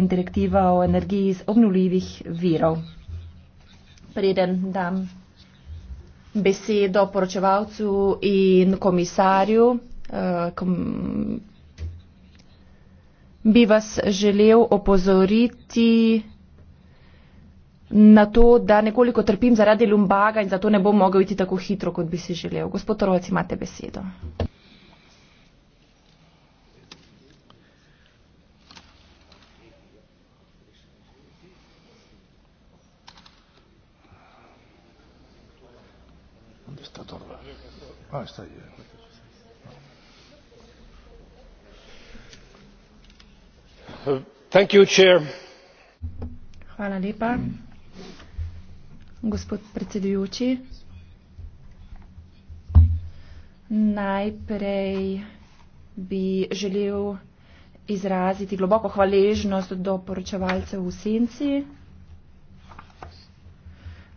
in direktiva o energiji iz obnuljivih virov. Preden dam besedo poročevalcu in komisarju, eh, kom, bi vas želel opozoriti na to, da nekoliko trpim zaradi lumbaga in zato ne bom mogel iti tako hitro, kot bi si želel. Gospod Torovac, imate besedo. Ah, está aí. Thank you, chair. Hvala lepa, gospod predsedujoči. Najprej bi želel izraziti globoko hvaležnost do poročevalcev v senci.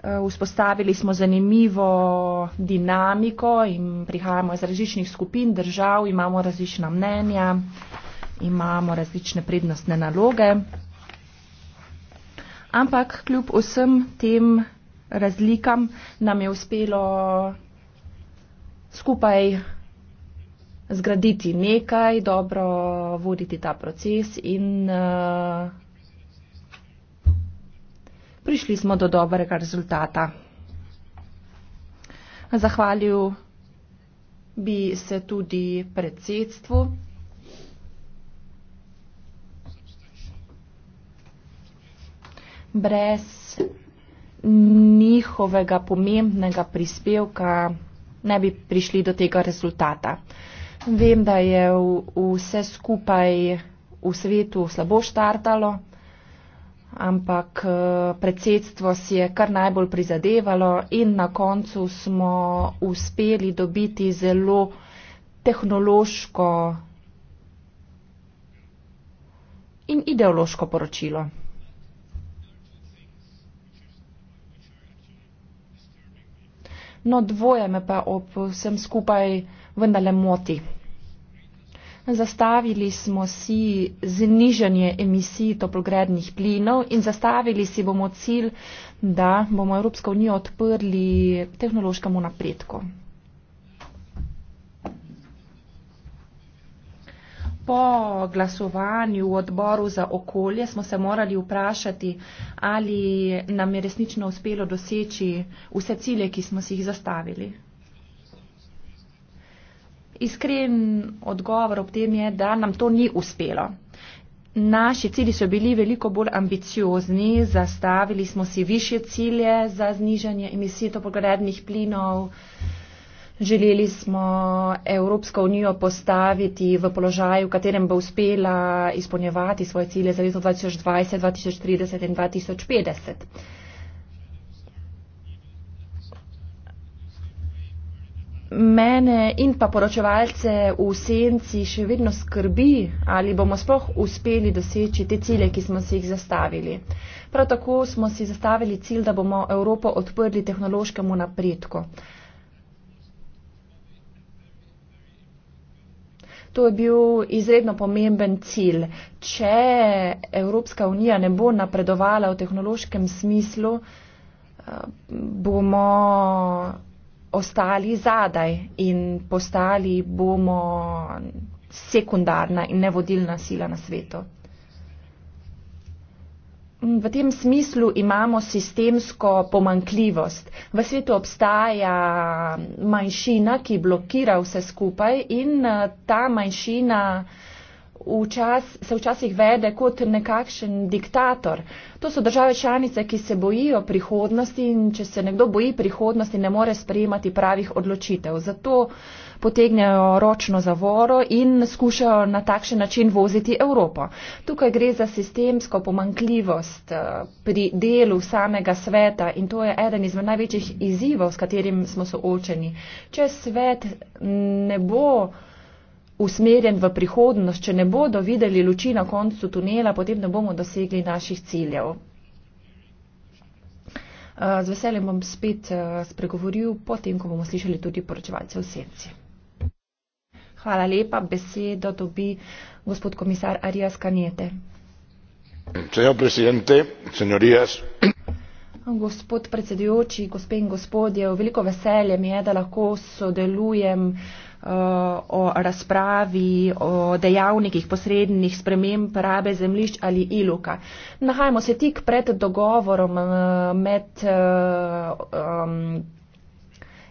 Eh, vzpostavili smo zanimivo dinamiko in prihajamo iz različnih skupin držav, imamo različna mnenja, imamo različne prednostne naloge. Ampak kljub vsem tem razlikam nam je uspelo skupaj zgraditi nekaj, dobro voditi ta proces in uh, prišli smo do dobrega rezultata. Zahvalil bi se tudi predsedstvu. Brez njihovega pomembnega prispevka ne bi prišli do tega rezultata. Vem, da je vse skupaj v svetu slabo štartalo ampak eh, predsedstvo si je kar najbolj prizadevalo in na koncu smo uspeli dobiti zelo tehnološko in ideološko poročilo. No, dvoje me pa ob vsem skupaj vendarle moti. Zastavili smo si znižanje emisij toplogrednih plinov in zastavili si bomo cilj, da bomo Evropsko unijo odprli tehnološkemu napredku. Po glasovanju v odboru za okolje smo se morali vprašati, ali nam je resnično uspelo doseči vse cilje, ki smo si jih zastavili iskren odgovor ob tem je, da nam to ni uspelo. Naši cilji so bili veliko bolj ambiciozni, zastavili smo si više cilje za znižanje emisij topogrednih plinov, želeli smo Evropsko unijo postaviti v položaju, v katerem bo uspela izpolnjevati svoje cilje za leto 2020, 2030 in 2050. mene in pa poročevalce v senci še vedno skrbi, ali bomo sploh uspeli doseči te cilje, ki smo si jih zastavili. Prav tako smo si zastavili cilj, da bomo Evropo odprli tehnološkemu napredku. To je bil izredno pomemben cilj. Če Evropska unija ne bo napredovala v tehnološkem smislu, eh, bomo ostali zadaj in postali bomo sekundarna in nevodilna sila na svetu. V tem smislu imamo sistemsko pomankljivost. V svetu obstaja manjšina, ki blokira vse skupaj in eh, ta manjšina včas, se včasih vede kot nekakšen diktator. To so države članice, ki se bojijo prihodnosti in če se nekdo boji prihodnosti, ne more sprejemati pravih odločitev. Zato potegnejo ročno zavoro in skušajo na takšen način voziti Evropo. Tukaj gre za sistemsko pomankljivost eh, pri delu samega sveta in to je eden izmed največjih izzivov, s katerim smo soočeni. Če svet ne bo usmerjen v prihodnost, če ne bodo videli luči na koncu tunela, potem ne bomo dosegli naših ciljev. Eh, z veseljem bom spet eh, spregovoril, potem, ko bomo slišali tudi poročevalce v senci. Hvala lepa, besedo dobi gospod komisar Arias Kanete. Señor presidente, señorías. Gospod predsedujoči, gospe in gospodje, veliko veselje mi je, da lahko sodelujem o razpravi, o dejavnikih posrednih sprememb rabe zemljišč ali iluka. Nahajamo se tik pred dogovorom eh, med eh, um,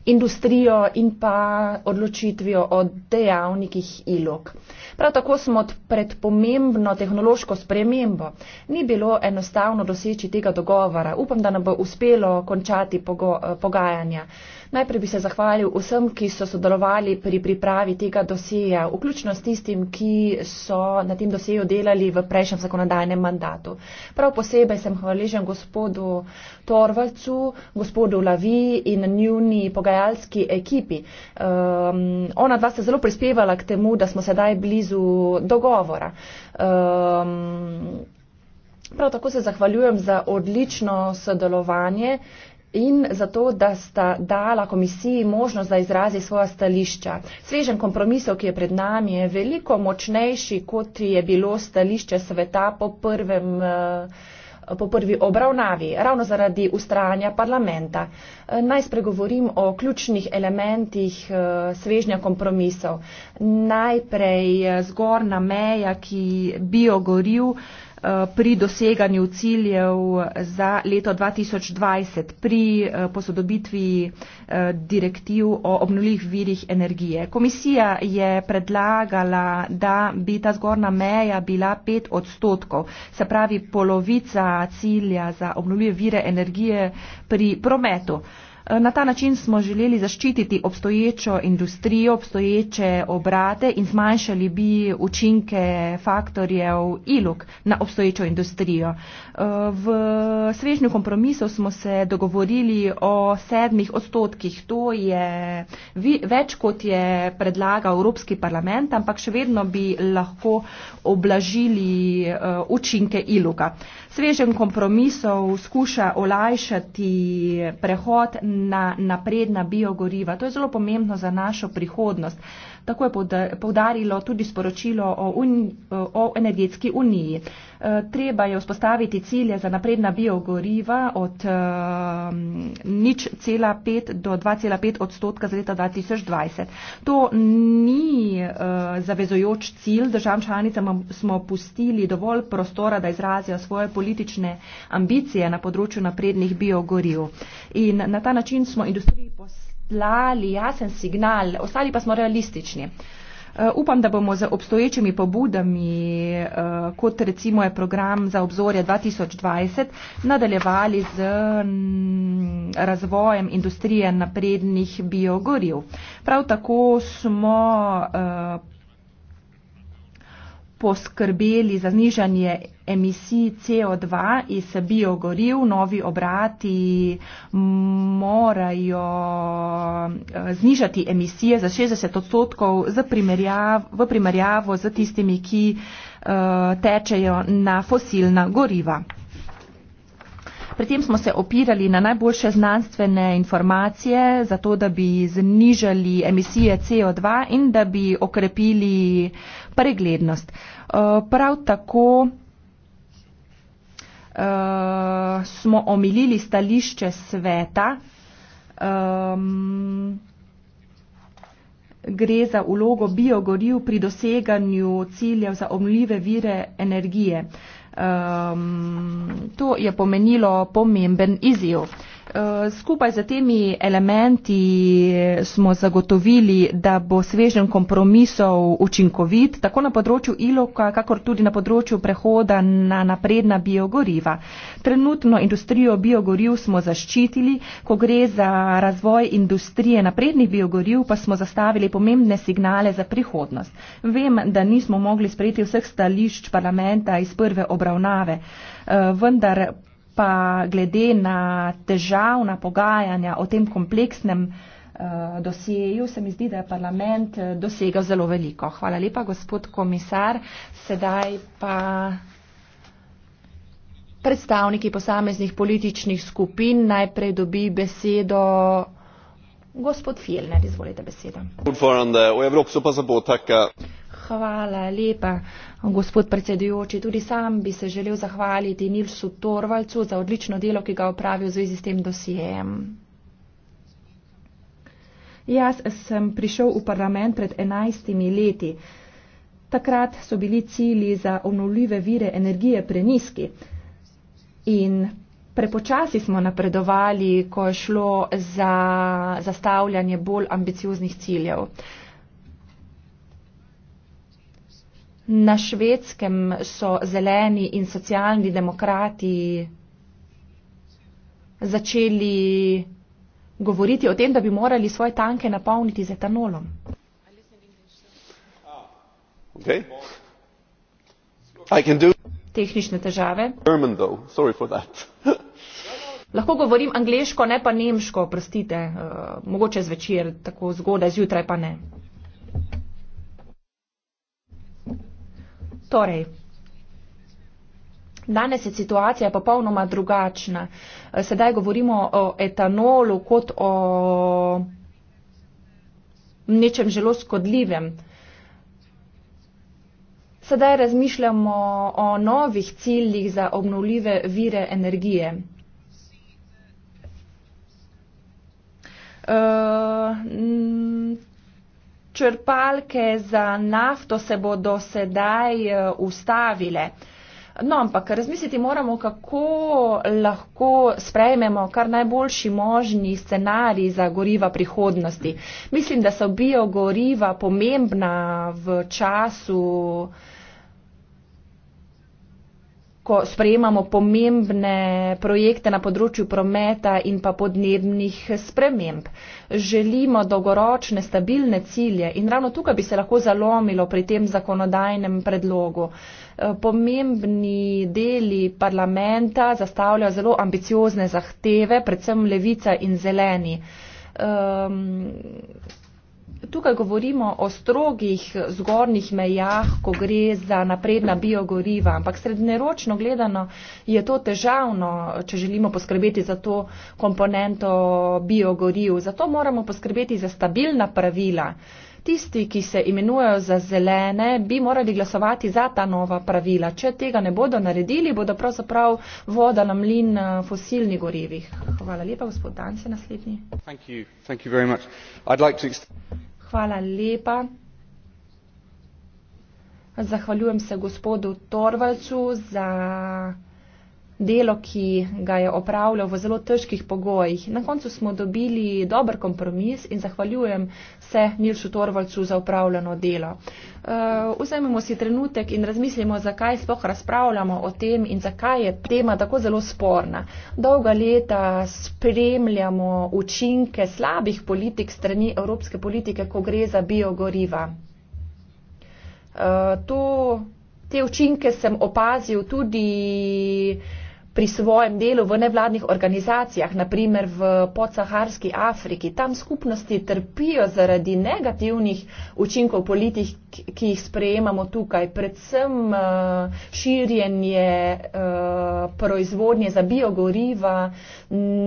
industrijo in pa odločitvijo o dejavnikih ilok. Prav tako smo pred pomembno tehnološko spremembo. Ni bilo enostavno doseči tega dogovora. Upam, da nam bo uspelo končati pogo eh, pogajanja. Uh, Najprej bi se zahvalil vsem, ki so sodelovali pri pripravi tega dosija, vključno s tistim, ki so na tem dosiju delali v prejšnjem zakonodajnem mandatu. Prav posebej sem hvaležen gospodu Torvalcu, gospodu Lavi in njuni pogajalski ekipi. Um, ona dva se zelo prispevala k temu, da smo sedaj blizu dogovora. Um, Prav tako se zahvaljujem za odlično sodelovanje uh, in zato, da sta dala komisiji možnost, da izrazi svoja stališča. Svežen kompromisov, ki je pred nami, je veliko močnejši, kot je bilo stališče sveta po, prvem, eh, po prvi obravnavi, ravno zaradi ustrajanja parlamenta. Eh, naj spregovorim o ključnih elementih eh, svežnja kompromisov. Najprej zgorna meja, ki bi jo goril, Eh, pri doseganju ciljev za leto 2020, pri eh, posodobitvi eh, direktiv o obnovljivih virih energije. Komisija je predlagala, da bi ta zgorna meja bila 5 odstotkov, se pravi polovica cilja za obnovljive vire energije pri prometu. Eh, na ta način smo želeli zaščititi obstoječo industrijo, obstoječe obrate in zmanjšali bi učinke faktorjev ilog na obstoječo industrijo. Eh, v svežnju kompromisov smo se dogovorili o sedmih odstotkih. To je več, kot je predlagal Evropski parlament, ampak še vedno bi lahko oblažili eh, učinke iloga. Svežen kompromisov skuša olajšati prehod na napredna biogoriva. To je zelo pomembno za našo prihodnost tako je povdarilo tudi sporočilo o, un, o energetski uniji. E, treba je vzpostaviti cilje za napredna biogoriva od e, nič cela pet do 2,5 odstotka za leta 2020. To ni e, zavezojoč cilj, državam članicam smo pustili dovolj prostora, da izrazijo svoje politične ambicije na področju naprednih biogoriv. In na ta način smo industriji posebej poslali jasen signal, ostali pa smo realistični. Eh, upam, da bomo z obstoječimi pobudami, eh, kot recimo je program za obzorje 2020, nadaljevali z mm, razvojem industrije naprednih biogorjev. Prav tako smo eh, poskrbeli za znižanje emisij CO2 iz biogoriv. Novi obrati morajo eh, znižati emisije za 60 odstotkov primerjav, v primerjavo z tistimi, ki uh, tečejo na fosilna goriva. Pri tem smo se opirali na najboljše znanstvene informacije, zato da bi znižali emisije CO2 in da bi okrepili preglednost. Eh, prav tako eh, smo omilili stališče sveta. Ehm, gre za ulogo biogoriv pri doseganju ciljev za obnovljive vire energije. Uh, Um, to je pomenilo pomemben izjiv. Eh, skupaj z temi elementi smo zagotovili, da bo svežen kompromisov učinkovit tako na področju iloka, kakor tudi na področju prehoda na napredna biogoriva. Trenutno industrijo biogoriv smo zaščitili, ko gre za razvoj industrije naprednih biogoriv, pa smo zastavili pomembne signale za prihodnost. Vem, da nismo mogli sprejeti vseh stališč parlamenta iz prve obravnave, eh, vendar pa glede na težavna pogajanja o tem kompleksnem eh, dosjeju, se mi zdi, da je parlament eh, dosegal zelo veliko. Hvala lepa, gospod komisar. Sedaj pa predstavniki posameznih političnih skupin najprej dobi besedo. Gospod Fjellner, izvolite besedo. Hvala lepa, gospod predsedujoči. Tudi sam bi se želel zahvaliti Nilsu Torvalcu za odlično delo, ki ga opravi v zvezi s tem dosijem. Jaz sem prišel v parlament pred enajstimi leti. Takrat so bili cilji za obnovljive vire energije preniski in prepočasi smo napredovali, ko je šlo za zastavljanje bolj ambicioznih ciljev. Uh, Na švedskem so zeleni in socialni demokrati začeli govoriti o tem, da bi morali svoje tanke napolniti z etanolom. Okay. Tehnične težave. German, Lahko govorim angliško, ne pa nemško, prostite, uh, eh, mogoče zvečer, tako zgodaj, zjutraj pa ne. Torej, Danes je situacija popolnoma drugačna. Sedaj govorimo o etanolu kot o nečem zelo škodljivem. Sedaj razmišljamo o novih ciljih za obnovljive vire energije. E, črpalke za nafto se bodo sedaj eh, ustavile. No, ampak razmisliti moramo, kako lahko sprejmemo kar najboljši možni scenarij za goriva prihodnosti. Mislim, da so biogoriva pomembna v času ko sprejemamo pomembne projekte na področju prometa in pa podnebnih sprememb. Želimo dolgoročne, stabilne cilje in ravno tukaj bi se lahko zalomilo pri tem zakonodajnem predlogu. Eh, pomembni deli parlamenta zastavljajo zelo ambiciozne zahteve, predvsem levica in zeleni. Um, tukaj govorimo o strogih zgornjih mejah, ko gre za napredna biogoriva, ampak srednjeročno gledano je to težavno, če želimo poskrbeti za to komponento biogoriv. Zato moramo poskrbeti za stabilna pravila. Tisti, ki se imenujejo za zelene, bi morali glasovati za ta nova pravila. Če tega ne bodo naredili, bodo pravzaprav voda na mlin na eh, fosilnih gorivih. Hvala lepa, gospod Dan, se naslednji. Thank you. Thank you Hvala lepa. Zahvaljujem se gospodu Torvalcu za delo, ki ga je opravljal v zelo težkih pogojih. Na koncu smo dobili dober kompromis in zahvaljujem se Nilšu Torvalcu za upravljeno delo. Eh, vzemimo si trenutek in razmislimo, zakaj sploh razpravljamo o tem in zakaj je tema tako zelo sporna. Dolga leta spremljamo učinke slabih politik strani evropske politike, ko gre za biogoriva. Eh, to, te učinke sem opazil tudi pri svojem delu v nevladnih organizacijah, naprimer v podsaharski Afriki. Tam skupnosti trpijo zaradi negativnih učinkov politik, ki jih sprejemamo tukaj, predvsem eh, širjenje eh, proizvodnje za biogoriva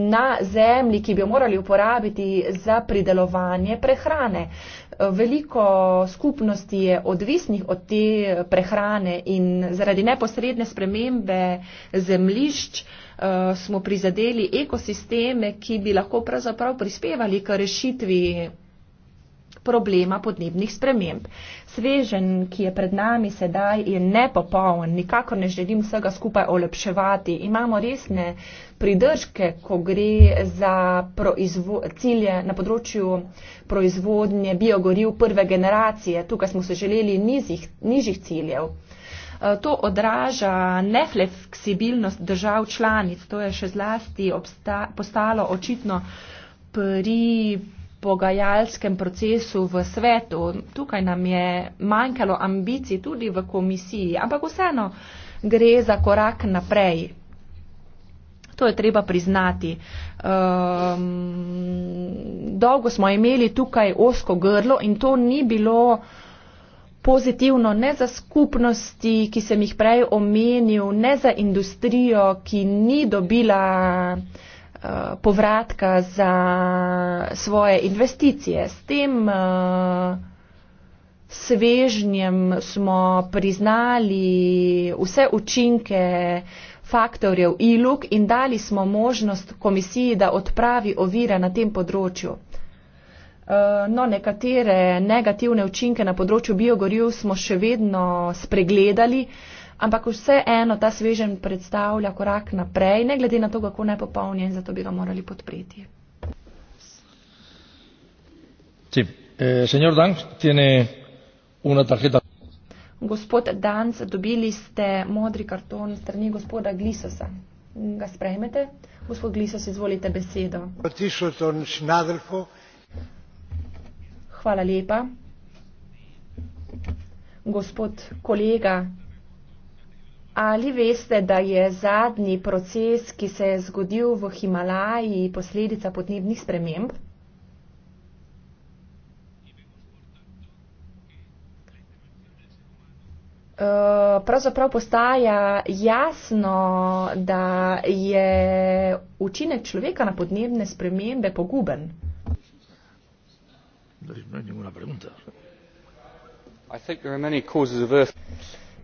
na zemlji, ki bi jo morali uporabiti za pridelovanje prehrane. Veliko skupnosti je odvisnih od te prehrane in zaradi neposredne spremembe zemlišč eh, smo prizadeli ekosisteme, ki bi lahko pravzaprav prispevali k rešitvi problema podnebnih sprememb. Svežen, ki je pred nami sedaj, je nepopoln, nikakor ne želim vsega skupaj olepševati. Imamo resne pridržke, ko gre za cilje na področju proizvodnje biogoriv prve generacije. Tukaj smo se želeli nizih, nižjih ciljev. Eh, to odraža nefleksibilnost držav članic. To je še zlasti obsta, postalo očitno pri pogajalskem procesu v svetu. Tukaj nam je manjkalo ambicij tudi v komisiji, ampak vseeno gre za korak naprej. To je treba priznati. Um, dolgo smo imeli tukaj osko grlo in to ni bilo pozitivno ne za skupnosti, ki sem jih prej omenil, ne za industrijo, ki ni dobila uh, Eh, povratka za svoje investicije. S tem eh, svežnjem smo priznali vse učinke faktorjev ILUK in dali smo možnost komisiji, da odpravi ovire na tem področju. Eh, no, nekatere negativne učinke na področju biogoriv smo še vedno spregledali ampak vseeno ta svežen predstavlja korak naprej, ne glede na to, kako nepopoln je in zato bi ga morali podpreti. Sí. Eh, Danz, tiene una tarjeta. Gospod Danc, dobili ste modri karton strani gospoda Glisosa. Ga sprejmete? Gospod Glisos, izvolite besedo. Hvala lepa. Gospod kolega Ali veste, da je zadnji proces, ki se je zgodil v Himalaji, posledica podnebnih sprememb? Eh, pravzaprav postaja jasno, da je učinek človeka na podnebne spremembe poguben. No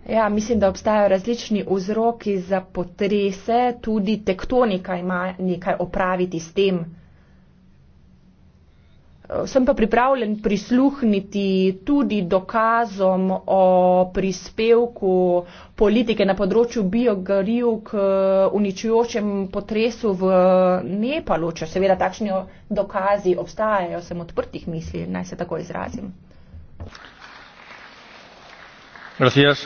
Ja, mislim, da obstajajo različni vzroki za potrese, tudi tektonika ima nekaj opraviti s tem. Sem pa pripravljen prisluhniti tudi dokazom o prispevku politike na področju biogoriv k uh, uničujočem potresu v Nepalu, če seveda takšni dokazi obstajajo, sem odprtih misli, naj se tako izrazim. Gracias.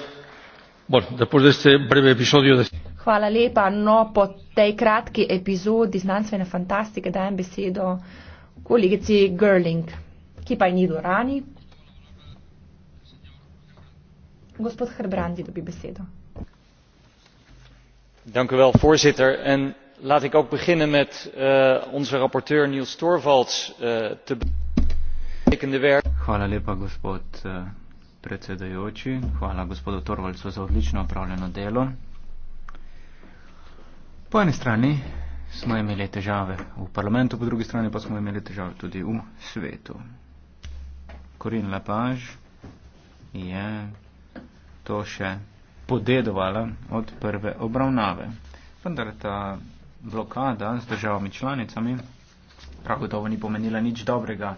Hvala lepa. No, po tej kratki epizodi znanstvene fantastike dajem besedo kolegici Gerling, ki pa je ni dvorani. Gospod Herbrandi dobi besedo. Danke wel, voorzitter. En laat ik ook beginnen met uh, onze rapporteur Niels Torvalds uh, te bedanken voor het werk. Hvala lepa, gospod uh, predsedajoči. Hvala gospodu Torvaldcu za odlično opravljeno delo. Po eni strani smo imeli težave v parlamentu, po drugi strani pa smo imeli težave tudi v svetu. Corinne Lepage je to še podedovala od prve obravnave. Vendar ta blokada z državami članicami prav gotovo ni pomenila nič dobrega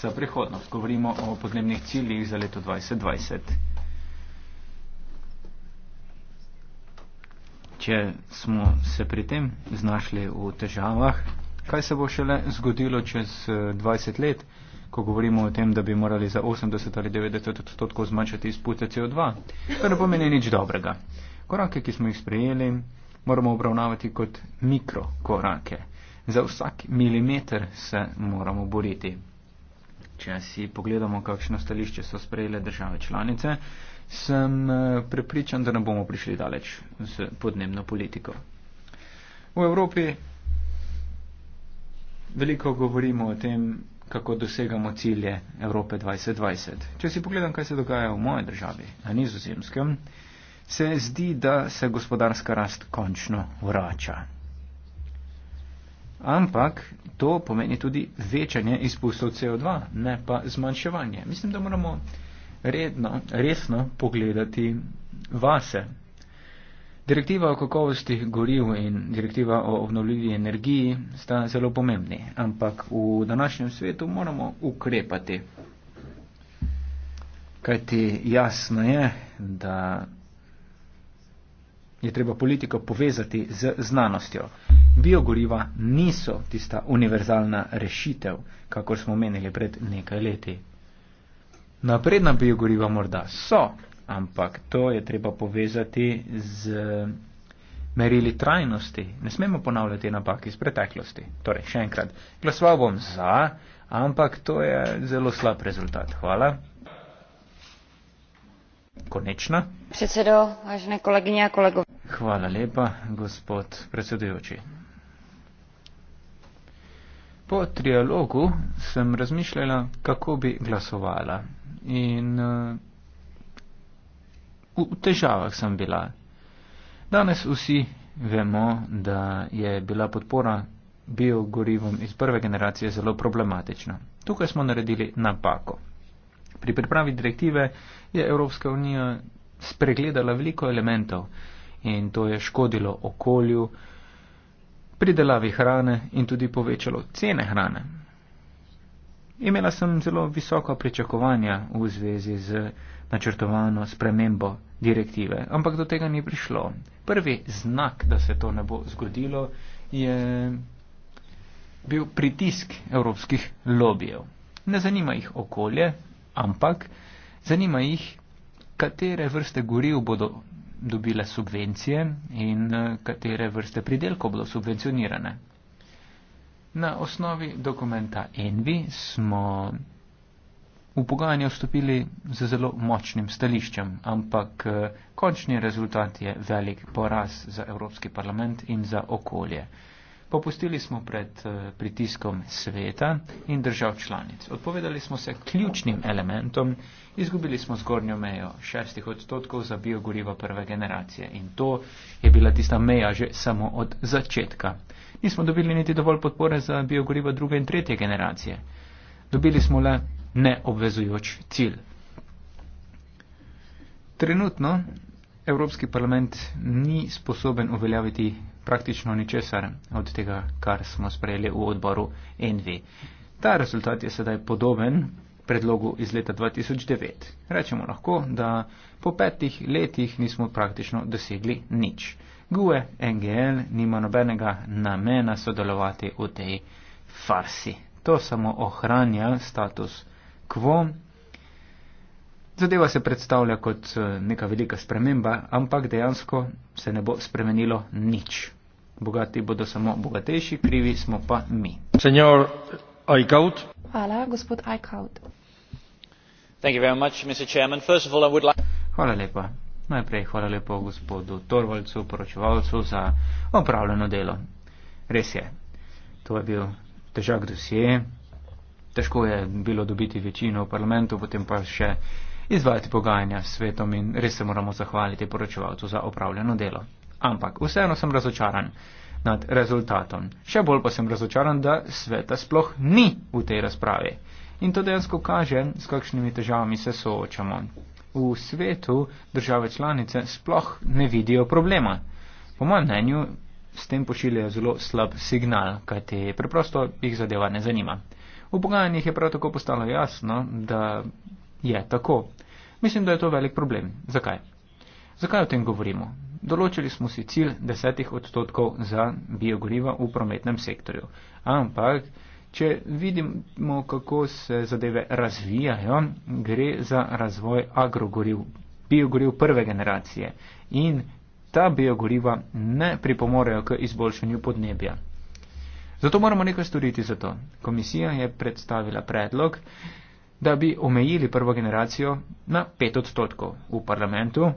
za prihodnost. Govorimo o podnebnih ciljih za leto 2020. Če smo se pri tem znašli v težavah, kaj se bo šele zgodilo čez 20 eh, let, ko govorimo o tem, da bi morali za 80 ali 90 odstotkov zmanjšati izpute CO2, kar ne pomeni nič dobrega. Korake, ki smo jih sprejeli, moramo obravnavati kot mikrokorake. Za vsak milimeter se moramo boriti če si pogledamo, kakšno stališče so sprejele države članice, sem eh, prepričan, da ne bomo prišli daleč z podnebno politiko. V Evropi veliko govorimo o tem, kako dosegamo cilje Evrope 2020. Če si pogledam, kaj se dogaja v moji državi, na nizozemskem, se zdi, da se gospodarska rast končno vrača ampak to pomeni tudi večanje izpustov CO2, ne pa zmanjševanje. Mislim, da moramo redno, resno pogledati vase. Direktiva o kakovosti goriv in direktiva o obnovljivi energiji sta zelo pomembni, ampak v današnjem svetu moramo ukrepati. Kajti jasno je, da je treba politiko povezati z znanostjo. Biogoriva niso tista univerzalna rešitev, kakor smo omenili pred nekaj leti. Napredna biogoriva morda so, ampak to je treba povezati z merili trajnosti. Ne smemo ponavljati napak iz preteklosti. Torej, še enkrat, glasoval bom za, ampak to je zelo slab rezultat. Hvala. Konečna. Predsedo, vážené kolegyne a kolegovia. Hvala lepa, gospod predsedujoči. Po trialogu sem razmišljala, kako bi glasovala. In eh, v težavah sem bila. Danes vsi vemo, da je bila podpora biogorivom iz prve generacije zelo problematična. Tukaj smo naredili napako. Pri pripravi direktive je Evropska unija spregledala veliko elementov, in to je škodilo okolju, pridelavi hrane in tudi povečalo cene hrane. Imela sem zelo visoka pričakovanja v zvezi z načrtovano spremembo direktive, ampak do tega ni prišlo. Prvi znak, da se to ne bo zgodilo, je bil pritisk evropskih lobijev. Ne zanima jih okolje, ampak zanima jih, katere vrste goril bodo dobile subvencije in eh, katere vrste pridelkov bodo subvencionirane. Na osnovi dokumenta Envi smo v pogajanje vstopili z zelo močnim stališčem, ampak eh, končni rezultat je velik poraz za Evropski parlament in za okolje. Popustili smo pred eh, pritiskom sveta in držav članic. Odpovedali smo se ključnim elementom, izgubili smo zgornjo mejo šestih odstotkov za biogoriva prve generacije in to je bila tista meja že samo od začetka. Nismo dobili niti dovolj podpore za biogoriva druge in tretje generacije. Dobili smo le neobvezujoč cilj. Trenutno Evropski parlament ni sposoben uveljaviti praktično ničesar od tega, kar smo sprejeli v odboru NV. Ta rezultat je sedaj podoben predlogu iz leta 2009. Rečemo lahko, da po petih letih nismo praktično dosegli nič. GUE, NGL nima nobenega namena sodelovati v tej farsi. To samo ohranja status quo Zadeva se predstavlja kot eh, neka velika sprememba, ampak dejansko se ne bo spremenilo nič. Bogati bodo samo bogatejši, krivi smo pa mi. Senor Aikaut. Hvala, gospod Aikaut. Hvala lepa. Najprej hvala lepa gospodu Torvalcu, poročevalcu, za opravljeno delo. Res je, to je bil težak dosje. Težko je bilo dobiti večino v parlamentu, potem pa še izvajati pogajanja s svetom in res se moramo zahvaliti poročevalcu za opravljeno delo. Ampak vseeno sem razočaran nad rezultatom. Še bolj pa sem razočaran, da sveta sploh ni v tej razpravi. In to dejansko kaže, s kakšnimi težavami se soočamo. V svetu države članice sploh ne vidijo problema. Po mojem mnenju s tem pošiljajo zelo slab signal, kajti preprosto jih zadeva ne zanima. V pogajanjih je prav tako postalo jasno, da je tako. Mislim, da je to velik problem. Zakaj? Zakaj o tem govorimo? Določili smo si cilj desetih odstotkov za biogoriva v prometnem sektorju. Ampak, če vidimo, kako se zadeve razvijajo, gre za razvoj agrogoriv, biogoriv prve generacije. In ta biogoriva ne pripomorejo k izboljšanju podnebja. Zato moramo nekaj storiti za to. Komisija je predstavila predlog, da bi omejili prvo generacijo na 5 odstotkov. V parlamentu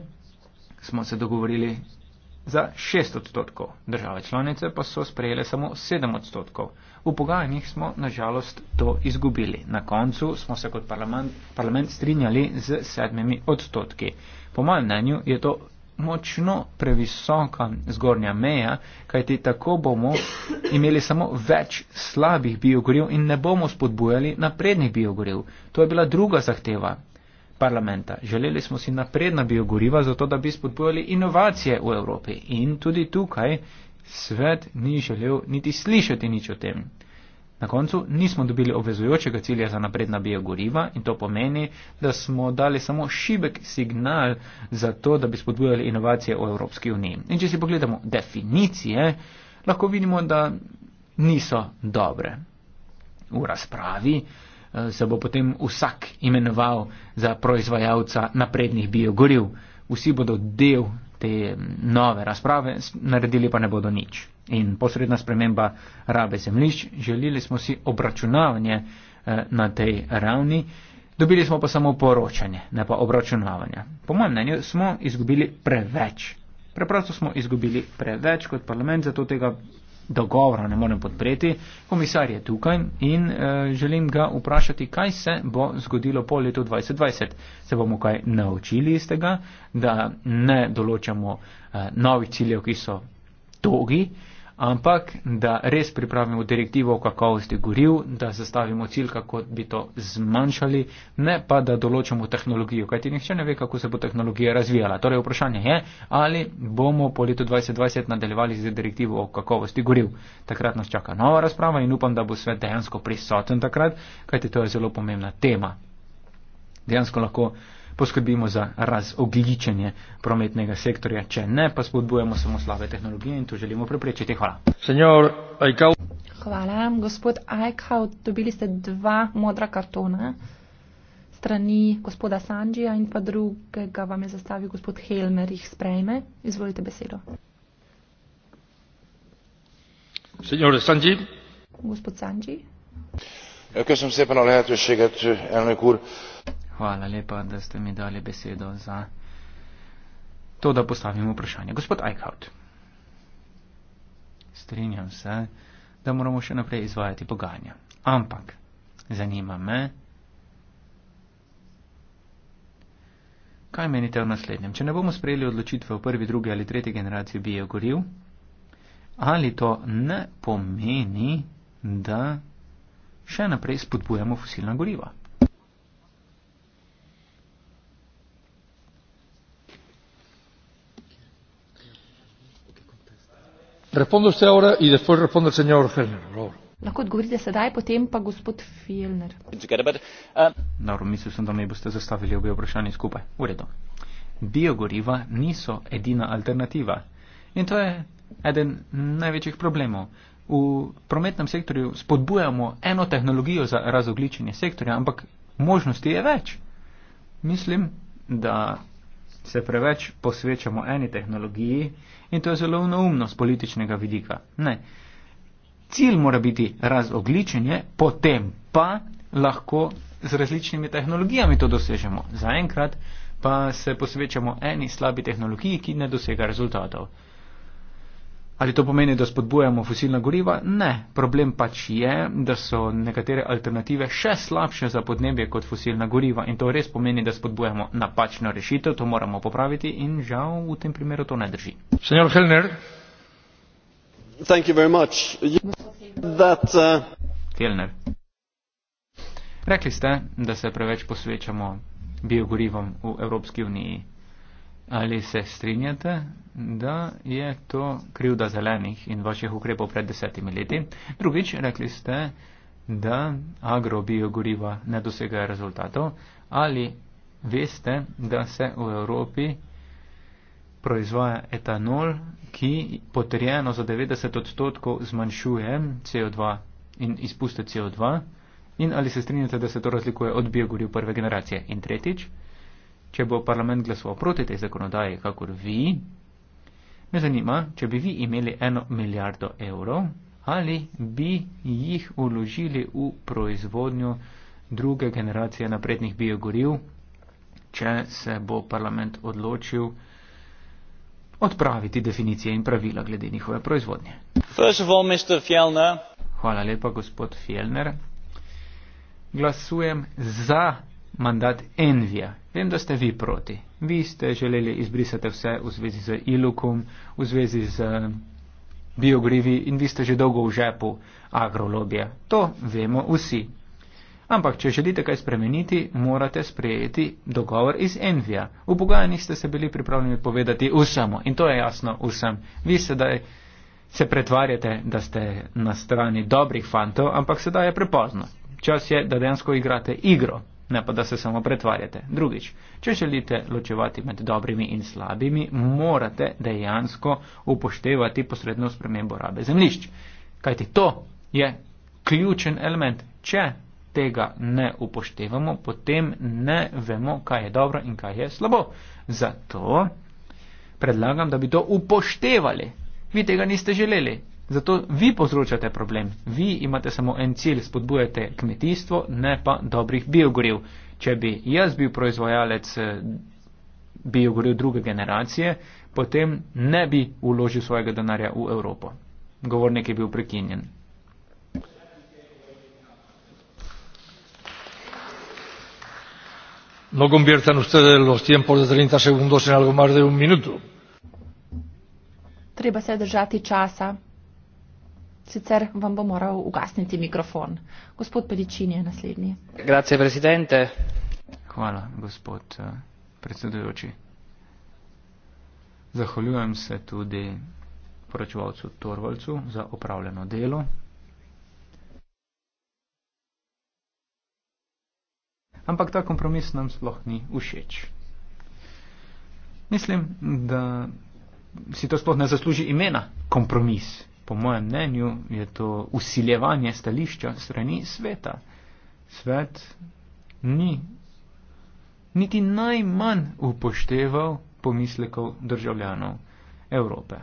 smo se dogovorili za 6 odstotkov, države članice pa so sprejele samo 7 odstotkov. V pogajanjih smo nažalost to izgubili. Na koncu smo se kot parlament, parlament strinjali z 7 odstotki. Po mojem mnenju je to močno previsoka zgornja meja, kajti tako bomo imeli samo več slabih biogoriv in ne bomo spodbujali naprednih biogoriv. To je bila druga zahteva parlamenta. Želeli smo si napredna biogoriva, zato da bi spodbujali inovacije v Evropi. In tudi tukaj svet ni želel niti slišati nič o tem. Na koncu nismo dobili obvezujočega cilja za napredna biogoriva in to pomeni, da smo dali samo šibek signal za to, da bi spodbujali inovacije v Evropski uniji. In če si pogledamo definicije, lahko vidimo, da niso dobre. V razpravi eh, se bo potem vsak imenoval za proizvajalca naprednih biogoriv. Vsi bodo del te mm, nove razprave, naredili pa ne bodo nič in posredna sprememba rabe zemljišč. Želeli smo si obračunavanje eh, na tej ravni, dobili smo pa samo poročanje, ne pa obračunavanje. Po mojem mnenju smo izgubili preveč. Preprosto smo izgubili preveč kot parlament, zato tega dogovora ne morem podpreti. Komisar je tukaj in e, želim ga vprašati, kaj se bo zgodilo po letu 2020. Se bomo kaj naučili iz tega, da ne določamo e, novih ciljev, ki so dolgi, ampak da res pripravimo direktivo o kakovosti goril, da zastavimo cilj, kako bi to zmanjšali, ne pa da določamo tehnologijo, kajti nihče ne ve, kako se bo tehnologija razvijala. Torej vprašanje je, ali bomo po letu 2020 nadaljevali z direktivo o kakovosti goril. Takrat nas čaka nova razprava in upam, da bo svet dejansko prisoten takrat, kajti to je zelo pomembna tema. Dejansko lahko poskrbimo za razogličenje prometnega sektorja, če ne, pa spodbujamo samo slabe tehnologije in to želimo preprečiti. Hvala. Hvala. Gospod Eichhout, dobili ste dva modra kartona strani gospoda Sanđija in pa drugega vam je zastavil gospod Helmer, jih sprejme. Izvolite besedo. Signore Sanđi. Gospod Sanđi. Ja, ker sem se ponavljati še enkrat, hvala lepa, da ste mi dali besedo za to, da postavim vprašanje. Gospod Eichhout, strinjam se, da moramo še naprej izvajati pogajanja. Ampak, zanima me, kaj menite o naslednjem. Če ne bomo sprejeli odločitve o prvi, drugi ali tretji generaciji biogoriv, ali to ne pomeni, da še naprej spodbujamo fosilna goriva? Responde usted ahora y después responde el señor Helner. Lahko odgovorite sedaj, potem pa gospod Fielner. Uh, Dobro, mislil sem, da mi boste zastavili obe vprašanji skupaj. V redu. Biogoriva niso edina alternativa. In to je eden največjih problemov. V prometnem sektorju spodbujamo eno tehnologijo za razogličenje sektorja, ampak možnosti je več. Mislim, da se preveč posvečamo eni tehnologiji in to je zelo neumno z političnega vidika. Ne. Cilj mora biti razogličenje, potem pa lahko z različnimi tehnologijami to dosežemo. Zaenkrat pa se posvečamo eni slabi tehnologiji, ki ne dosega rezultatov. Ali to pomeni, da spodbujamo fosilna goriva? Ne. Problem pač je, da so nekatere alternative še slabše za podnebje kot fosilna goriva in to res pomeni, da spodbujamo napačno rešitev, to moramo popraviti in žal v tem primeru to ne drži. Uh, Helner, rekli ste, da se preveč posvečamo biogorivom v Evropski uniji. Ali se strinjate da je to krivda zelenih in vaših ukrepov pred desetimi leti. Drugič, rekli ste, da agrobiogoriva ne dosegajo rezultatov. Ali veste, da se v Evropi proizvaja etanol, ki potrjeno za 90 odstotkov zmanjšuje CO2 in izpuste CO2? In ali se strinjate, da se to razlikuje od biogoriv prve generacije? In tretjič, če bo parlament glasoval proti tej zakonodaji, kakor vi, Me zanima, če bi vi imeli eno milijardo evrov, ali bi jih uložili v proizvodnjo druge generacije naprednih biogoriv, če se bo parlament odločil odpraviti definicije in pravila glede njihove proizvodnje. All, Hvala lepa, gospod Fjellner. Glasujem za mandat Envija. Vem, da ste vi proti. Vi ste želeli izbrisati vse v zvezi z ilukom, v zvezi z eh, biogrivi in vi ste že dolgo v žepu agrolobija. To vemo vsi. Ampak, če želite kaj spremeniti, morate sprejeti dogovor iz Envija. V pogajanjih ste se bili pripravljeni povedati vsemu in to je jasno vsem. Vi sedaj se pretvarjate, da ste na strani dobrih fantov, ampak sedaj je prepozno. Čas je, da dejansko igrate igro ne pa da se samo pretvarjate. Drugič, če želite ločevati med dobrimi in slabimi, morate dejansko upoštevati posredno spremembo rabe zemljišč. Kajti to je ključen element. Če tega ne upoštevamo, potem ne vemo, kaj je dobro in kaj je slabo. Zato predlagam, da bi to upoštevali. Vi tega niste želeli, Zato vi povzročate problem. Vi imate samo en cilj, spodbujate kmetijstvo, ne pa dobrih biogoriv. Če bi jaz bil proizvajalec eh, biogoriv druge generacije, potem ne bi uložil svojega denarja v Evropo. Govornik je bil prekinjen. No conviertan ustedes los tiempos de 30 segundos en algo más de un minuto. Treba se držati časa sicer vam bo moral ugasniti mikrofon. Gospod Peličin je naslednji. Grazie, presidente. Hvala, gospod eh, predsedujoči. Zahvaljujem se tudi poročevalcu Torvalcu za opravljeno delo. Ampak ta kompromis nam sploh ni všeč. Mislim, da si to sploh ne zasluži imena kompromis po mojem mnenju, je to usiljevanje stališča strani sveta. Svet ni niti najmanj upošteval pomislekov državljanov Evrope.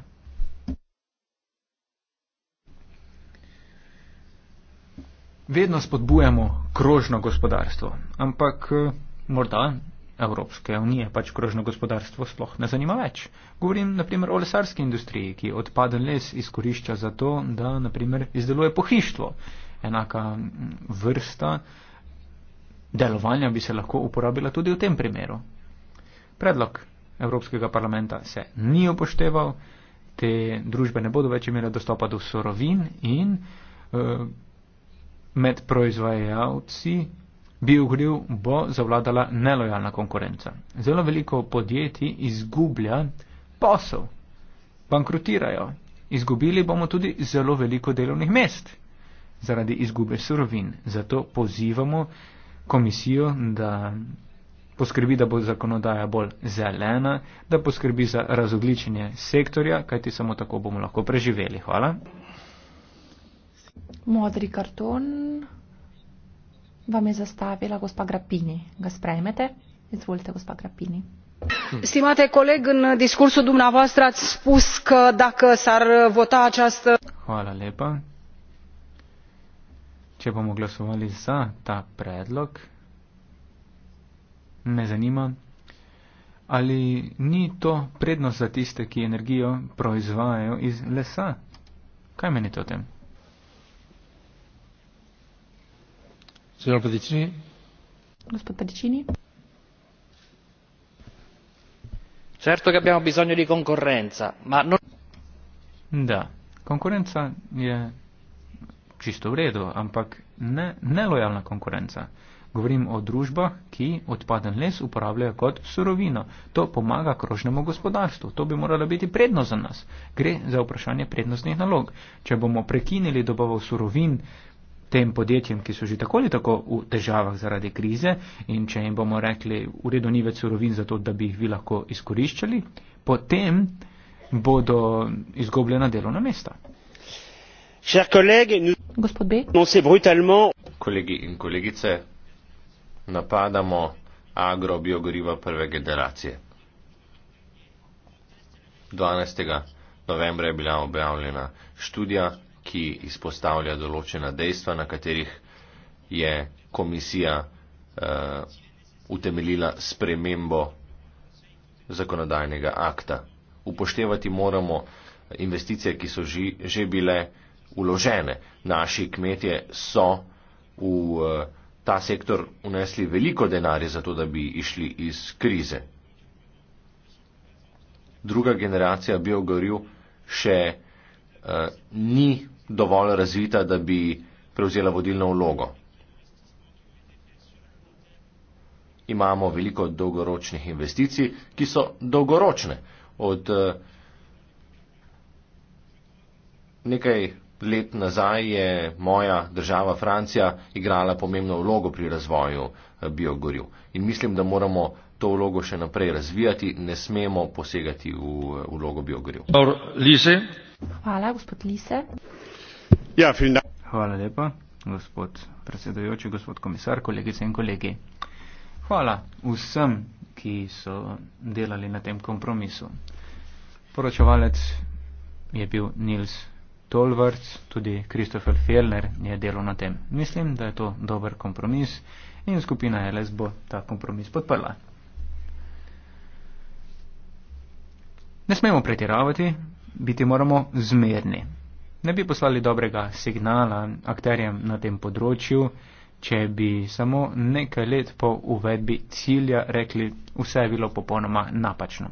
Vedno spodbujamo krožno gospodarstvo, ampak eh, morda Evropske unije pač krožno gospodarstvo sploh ne zanima več. Govorim naprimer o lesarski industriji, ki odpaden les izkorišča za to, da naprimer izdeluje pohištvo. Enaka mm, vrsta delovanja bi se lahko uporabila tudi v tem primeru. Predlog Evropskega parlamenta se ni upošteval, te družbe ne bodo več imele dostopa do sorovin in uh, med proizvajalci Biogoriv bo zavladala nelojalna konkurenca. Zelo veliko podjetij izgublja posel, bankrotirajo. Izgubili bomo tudi zelo veliko delovnih mest zaradi izgube surovin. Zato pozivamo komisijo, da poskrbi, da bo zakonodaja bolj zelena, da poskrbi za razogličenje sektorja, kajti samo tako bomo lahko preživeli. Hvala. Modri karton vam je zastavila gospa Grapini. Ga sprejmete? Izvolite, gospa Grapini. Stimate coleg, în discursul dumneavoastră ați spus că dacă s-ar vota această... Hvala lepa. Če bomo glasovali za ta predlog, me zanima, ali ni to prednost za tiste, ki energijo proizvajajo iz lesa? Kaj menite o tem? signor Pedicini. Gospod Pedicini. Certo che abbiamo bisogno di concorrenza, ma non. Da, concorrenca je čisto v redu, ampak ne, ne lojalna konkurenca. Govorim o družbah, ki odpaden les uporabljajo kot surovino. To pomaga krožnemu gospodarstvu. To bi morala biti prednost za nas. Gre za vprašanje prednostnih nalog. Če bomo prekinili dobavo surovin, tem podjetjem, ki so že tako ali tako v težavah zaradi krize in če jim bomo rekli, v redu ni več surovin za to, da bi jih vi lahko izkoriščali, potem bodo izgubljena delovna mesta. Gospod B. Kolegi in kolegice, napadamo agrobiogoriva prve generacije. 12. novembra je bila objavljena študija ki izpostavlja določena dejstva, na katerih je komisija uh, utemeljila spremembo zakonodajnega akta. Upoštevati moramo investicije, ki so že, že bile uložene. Naši kmetje so v uh, ta sektor unesli veliko denarja za to, da bi išli iz krize. Druga generacija biogoriv še uh, ni dovolj razvita, da bi prevzela vodilno vlogo. Imamo veliko dolgoročnih investicij, ki so dolgoročne. Od eh, nekaj let nazaj je moja država Francija igrala pomembno vlogo pri razvoju eh, biogoriv. In mislim, da moramo to vlogo še naprej razvijati, ne smemo posegati v vlogo biogoriv. Hvala, gospod Lise. Ja, Hvala lepa, gospod predsedojoči, gospod komisar, kolegice in kolegi. Hvala vsem, ki so delali na tem kompromisu. Poročevalec je bil Nils Tolvarc, tudi Kristofer Fjellner je delal na tem. Mislim, da je to dober kompromis in skupina LS bo ta kompromis podprla. Ne smemo pretiravati, biti moramo zmerni ne bi poslali dobrega signala akterjem na tem področju, če bi samo nekaj let po uvedbi cilja rekli, vse je bilo popolnoma napačno.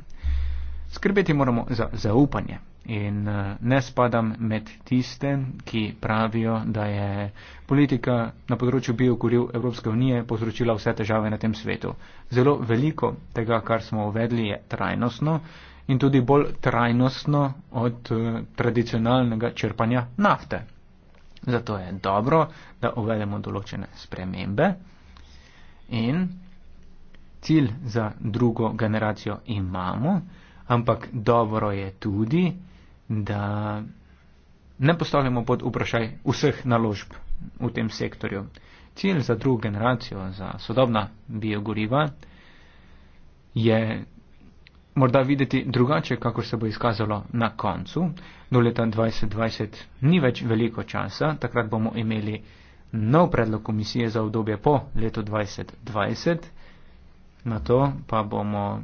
Skrbeti moramo za zaupanje in eh, ne spadam med tiste, ki pravijo, da je politika na področju biogoriv Evropske unije povzročila vse težave na tem svetu. Zelo veliko tega, kar smo uvedli, je trajnostno in tudi bolj trajnostno od eh, tradicionalnega črpanja nafte. Zato je dobro, da uvedemo določene spremembe in cilj za drugo generacijo imamo, ampak dobro je tudi, da ne postavljamo pod vprašaj vseh naložb v tem sektorju. Cilj za drugo generacijo, za sodobna biogoriva je morda videti drugače, kako se bo izkazalo na koncu. Do leta 2020 ni več veliko časa, takrat bomo imeli nov predlog komisije za obdobje po letu 2020. Na to pa bomo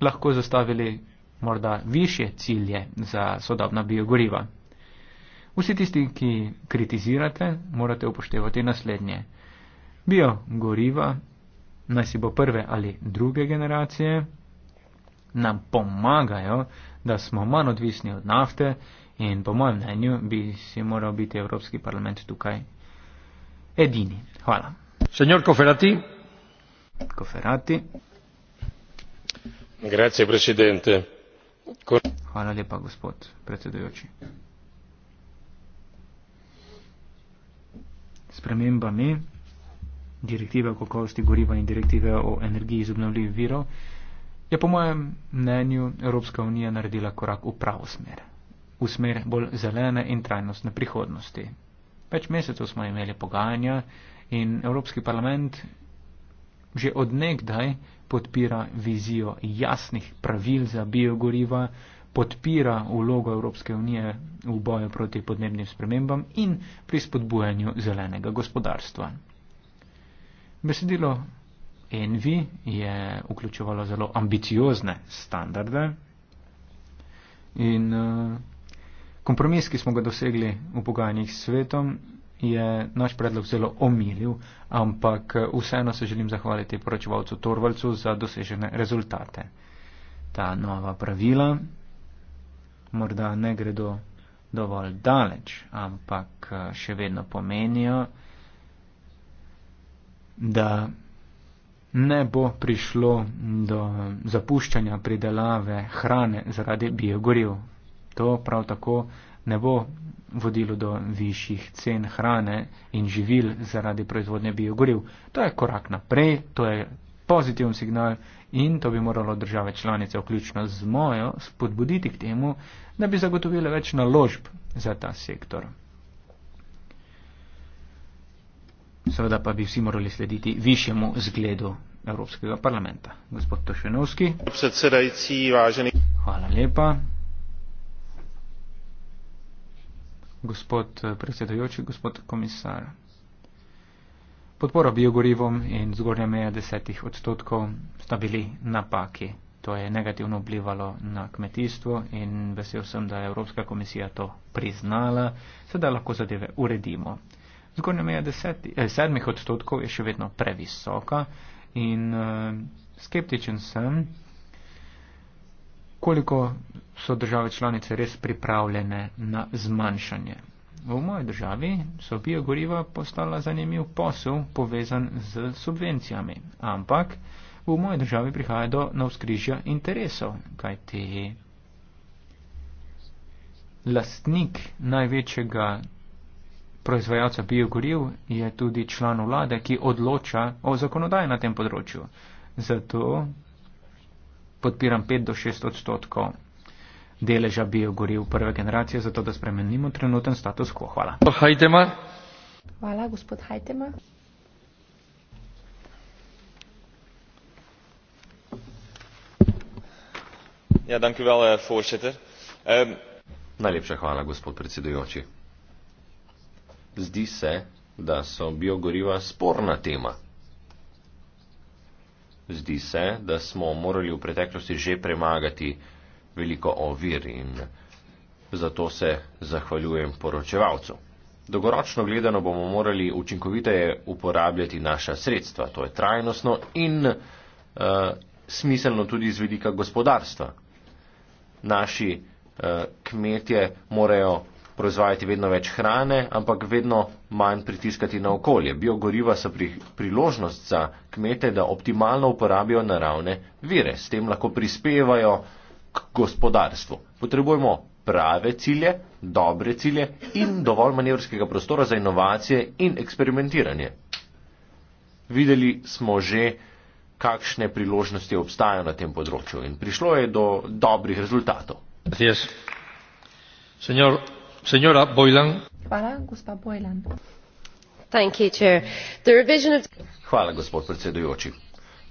lahko zastavili morda više cilje za sodobna biogoriva. Vsi tisti, ki kritizirate, morate upoštevati naslednje. Biogoriva, naj si bo prve ali druge generacije, nam pomagajo, da smo manj odvisni od nafte in po mojem mnenju bi si moral biti Evropski parlament tukaj edini. Hvala. Senor Koferati. Koferati. Grazie, presidente. Ko... Hvala lepa, gospod predsedujoči. Spremembami direktive o kakovosti goriva in direktive o energiji iz obnovljivih virov je po mojem mnenju Evropska unija naredila korak v pravo smer, v smer bolj zelene in trajnostne prihodnosti. Več mesecev smo imeli pogajanja in Evropski parlament že odnegdaj podpira vizijo jasnih pravil za biogoriva, podpira vlogo Evropske unije v boju proti podnebnim spremembam in pri spodbujanju zelenega gospodarstva. Besedilo Envi je vključevalo zelo ambiciozne standarde in eh, kompromis, ki smo ga dosegli v pogajanjih s svetom, je naš predlog zelo omilil, ampak eh, vseeno se želim zahvaliti poročevalcu Torvalcu za dosežene rezultate. Ta nova pravila morda ne gredo dovolj daleč, ampak eh, še vedno pomenijo, da ne bo prišlo do zapuščanja pridelave hrane zaradi biogoriv. To prav tako ne bo vodilo do višjih cen hrane in živil zaradi proizvodnje biogoriv. To je korak naprej, to je pozitiven signal in to bi moralo države članice, vključno z mojo, spodbuditi k temu, da bi zagotovile več naložb za ta sektor. seveda pa bi vsi morali slediti višjemu zgledu Evropskega parlamenta. Gospod Tošenovski. Predsedajci, važeni. Hvala lepa. Gospod eh, predsedajoči, gospod komisar. Podpora biogorivom in zgornja meja desetih odstotkov sta bili napaki. To je negativno vplivalo na kmetijstvo in vesel sem, da je Evropska komisija to priznala. Sedaj lahko zadeve uredimo. Zgornja meja deseti, eh, sedmih odstotkov je še vedno previsoka in eh, skeptičen sem, koliko so države članice res pripravljene na zmanjšanje. V moji državi so biogoriva postala zanimiv posel povezan z subvencijami, ampak v moji državi prihaja do navskrižja interesov, kajti lastnik največjega proizvajalca biogoriv je tudi član vlade, ki odloča o zakonodaji na tem področju. Zato podpiram 5 do 6 odstotkov deleža biogoriv prve generacije, zato da spremenimo trenuten status quo. Hvala. Hajtema. Hvala, gospod Hajtema. Ja, dankjewel, um. Eh, ehm, Najlepša hvala, gospod predsedujoči zdi se, da so biogoriva sporna tema. Zdi se, da smo morali v preteklosti že premagati veliko ovir in zato se zahvaljujem poročevalcu. Dolgoročno gledano bomo morali učinkoviteje uporabljati naša sredstva, to je trajnostno in uh, smiselno tudi z vidika gospodarstva. Naši uh, kmetje morajo proizvajati vedno več hrane, ampak vedno manj pritiskati na okolje. Biogoriva so pri, priložnost za kmete, da optimalno uporabijo naravne vire, s tem lahko prispevajo k gospodarstvu. Potrebujemo prave cilje, dobre cilje in dovolj manevrskega prostora za inovacije in eksperimentiranje. Videli smo že, kakšne priložnosti obstajajo na tem področju in prišlo je do dobrih rezultatov. Gracias. Señor Señora Boylan. Hvala, gospa Boylan. Thank you, chair. The revision of... Hvala, gospod predsedujoči.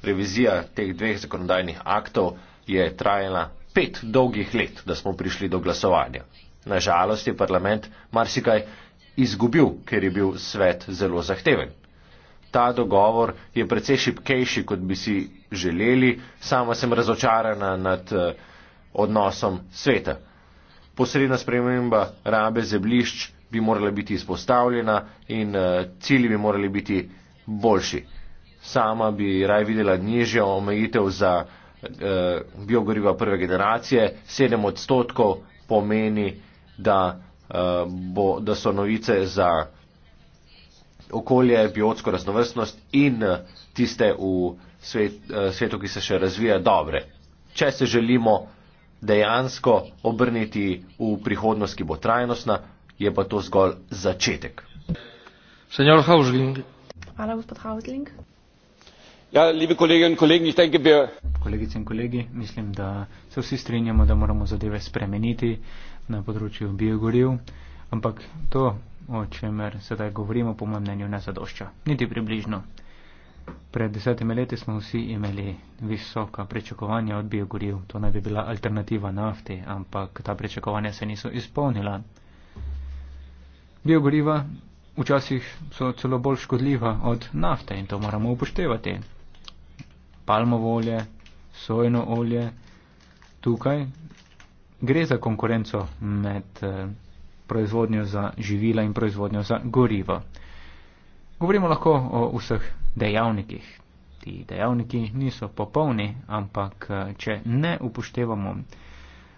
Revizija teh dveh zakonodajnih aktov je trajala pet dolgih let, da smo prišli do glasovanja. Nažalost je parlament marsikaj izgubil, ker je bil svet zelo zahteven. Ta dogovor je precej šipkejši, kot bi si želeli. Sama sem razočarana nad eh, odnosom sveta. Posredna sprememba rabe zemlišč bi morala biti izpostavljena in eh, cilji bi morali biti boljši. Sama bi raj videla nižjo omejitev za eh, biogoriva prve generacije. 7 odstotkov pomeni, da, eh, bo, da so novice za okolje, biotsko raznovrstnost in eh, tiste v svet, eh, svetu, ki se še razvija, dobre. Če se želimo dejansko obrniti v prihodnost, ki bo trajnostna, je pa to zgolj začetek. Senjor Hausling. Hvala, gospod Hausling. Ja, lebe kolege in kolegi, ich denke, bi... Kolegice in kolegi, mislim, da se vsi strinjamo, da moramo zadeve spremeniti na področju biogoriv, ampak to, o čemer sedaj govorimo, po mojem mnenju ne zadošča, niti približno. Pred desetimi leti smo vsi imeli visoka prečakovanja od biogoriv, to naj bi bila alternativa nafti, ampak ta prečakovanja se niso izpolnila. Biogoriva včasih so celo bolj škodljiva od nafte in to moramo upoštevati. Palmovo olje, sojno olje, tukaj gre za konkurenco med eh, proizvodnjo za živila in proizvodnjo za gorivo. Govorimo lahko o vseh dejavnikih. Ti dejavniki niso popolni, ampak eh, če ne upoštevamo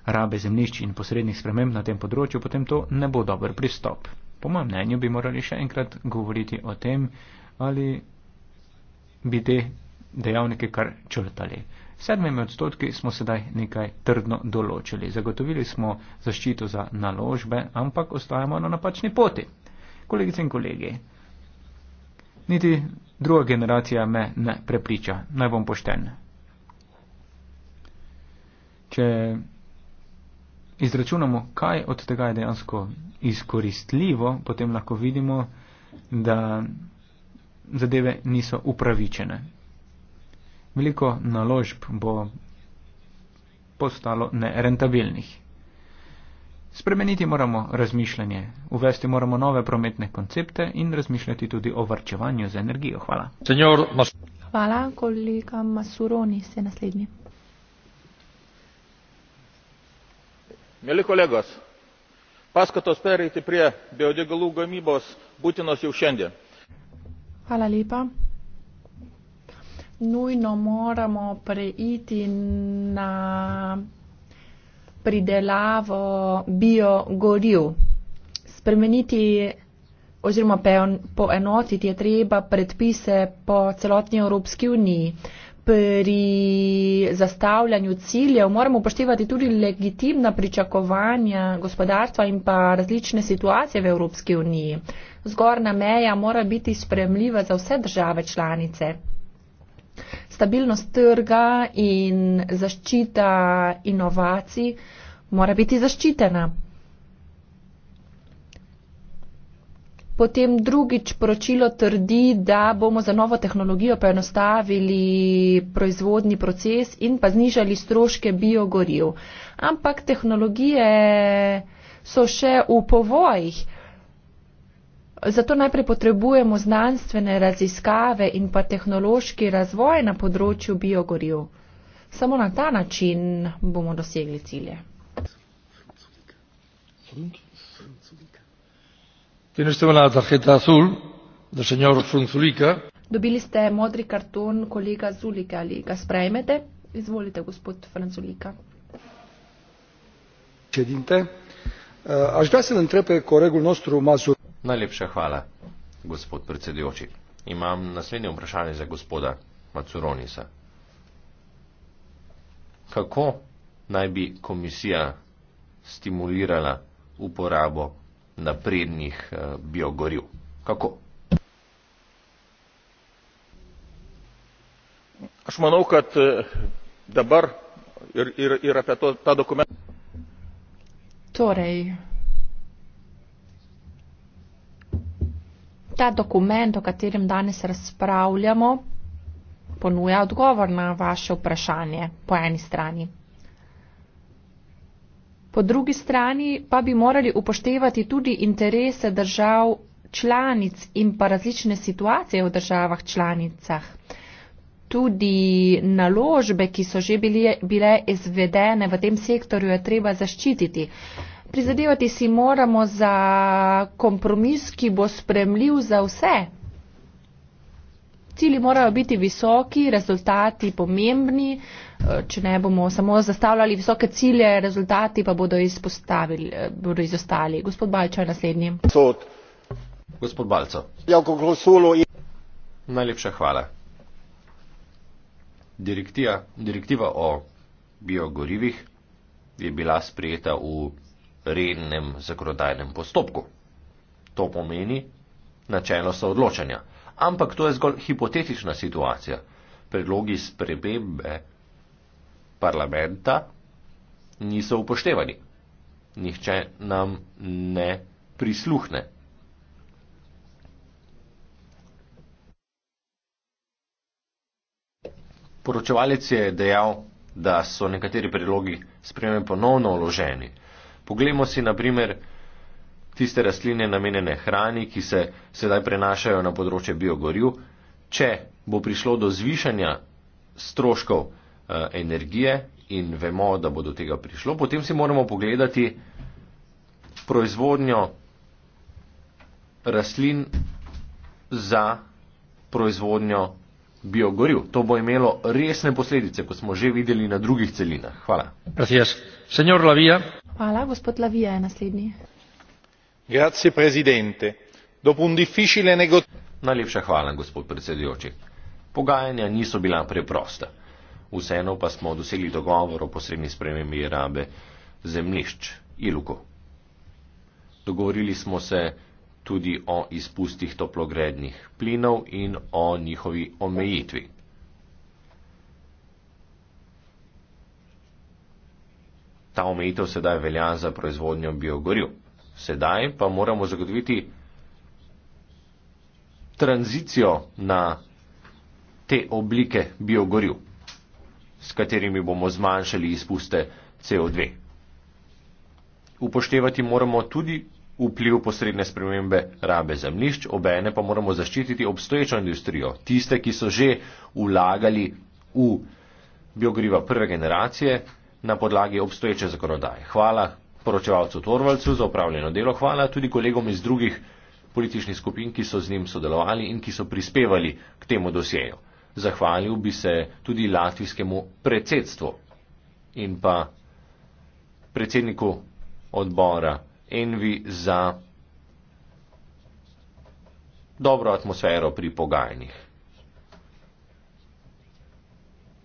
rabe zemljišč in posrednih sprememb na tem področju, potem to ne bo dober pristop. Po mojem mnenju bi morali še enkrat govoriti o tem, ali bi te dejavnike kar črtali. Sedmimi odstotki smo sedaj nekaj trdno določili. Zagotovili smo zaščito za naložbe, ampak ostajamo na napačni poti. Kolegice in kolegi, niti druga generacija me ne prepriča, naj bom pošten. Če izračunamo, kaj od tega je dejansko izkoristljivo, potem lahko vidimo, da zadeve niso upravičene. Veliko naložb bo postalo nerentabilnih. Spremeniti moramo razmišljanje, uvesti moramo nove prometne koncepte in razmišljati tudi o varčevanju z energijo. Hvala. Mas Hvala, kolega Masuroni, ste naslednji. Mili kolegos, paskatos perejti prie biodegalų gamybos būtinos jau šiandien. Hvala lepa. Nujno moramo prejiti na pridelavo biogoriv. Spremeniti oziroma poenotiti je treba predpise po celotni Evropski uniji. Pri zastavljanju ciljev moramo upoštevati tudi legitimna pričakovanja gospodarstva in pa različne situacije v Evropski uniji. Zgorna meja mora biti spremljiva za vse države članice stabilnost trga in zaščita inovacij mora biti zaščitena. Potem drugič poročilo trdi, da bomo za novo tehnologijo poenostavili proizvodni proces in pa znižali stroške biogoriv. Ampak tehnologije so še v povojih. Zato najprej potrebujemo znanstvene raziskave in pa tehnološki razvoj na področju biogoriv. Samo na ta način bomo dosegli cilje. Dobili ste modri karton kolega Zulika, ali ga sprejmete? Izvolite, gospod Franzulika. Uh, eh, aș vrea să ne întrebe coregul nostru Mazur. Najlepša hvala, gospod predsedujoči. Imam naslednje vprašanje za gospoda Macuronisa. Kako naj bi komisija stimulirala uporabo naprednih eh, biogoriv? Kako? Aš manau, kad eh, dabar ir, ir, ir apie to, tą dokumentą. Torej, ta dokument, o katerem danes razpravljamo, ponuja odgovor na vaše vprašanje po eni strani. Po drugi strani pa bi morali upoštevati tudi interese držav članic in pa različne situacije v državah članicah. Tudi naložbe, ki so že bile izvedene v tem sektorju, je treba zaščititi. Uh, prizadevati si moramo za kompromis, ki bo spremljiv za vse. Cili morajo biti visoki, rezultati pomembni, če ne bomo samo zastavljali visoke cilje, rezultati pa bodo, bodo izostali. Gospod Balča je naslednji. Gospod Balca. Ja, Najlepša hvala. Direktiva, direktiva o biogorivih je bila sprejeta v rednem zakonodajnem postopku. To pomeni načelo soodločanja. Ampak to je zgolj hipotetična situacija. Predlogi spremembe parlamenta niso upoštevani. Nihče nam ne prisluhne. Poročevalec je dejal, da so nekateri predlogi spremembe ponovno vloženi. Poglejmo si na primer tiste rastline namenjene hrani, ki se sedaj prenašajo na področje biogorju. Če bo prišlo do zvišanja stroškov eh, energije in vemo, da bo do tega prišlo, potem si moramo pogledati proizvodnjo rastlin za proizvodnjo biogorju. To bo imelo resne posledice, kot smo že videli na drugih celinah. Hvala pogajanja niso bila preprosta vseeno pa smo dosegli dogovor o posrednji spremembi rabe zemljišč iluko dogovorili smo se tudi o izpustih toplogrednih plinov in o njihovi omejitvi ta omejitev sedaj velja za proizvodnjo biogorju. Sedaj pa moramo zagotoviti tranzicijo na te oblike biogorju, s katerimi bomo zmanjšali izpuste CO2. Upoštevati moramo tudi vpliv posredne spremembe rabe zemlišč, obene pa moramo zaščititi obstoječo industrijo, tiste, ki so že vlagali v biogriva prve generacije, na podlagi obstoječe zakonodaje. Hvala poročevalcu Torvalcu za upravljeno delo, hvala tudi kolegom iz drugih političnih skupin, ki so z njim sodelovali in ki so prispevali k temu dosjeju. Zahvalil bi se tudi latvijskemu predsedstvu in pa predsedniku odbora Envi za dobro atmosfero pri pogajanjih.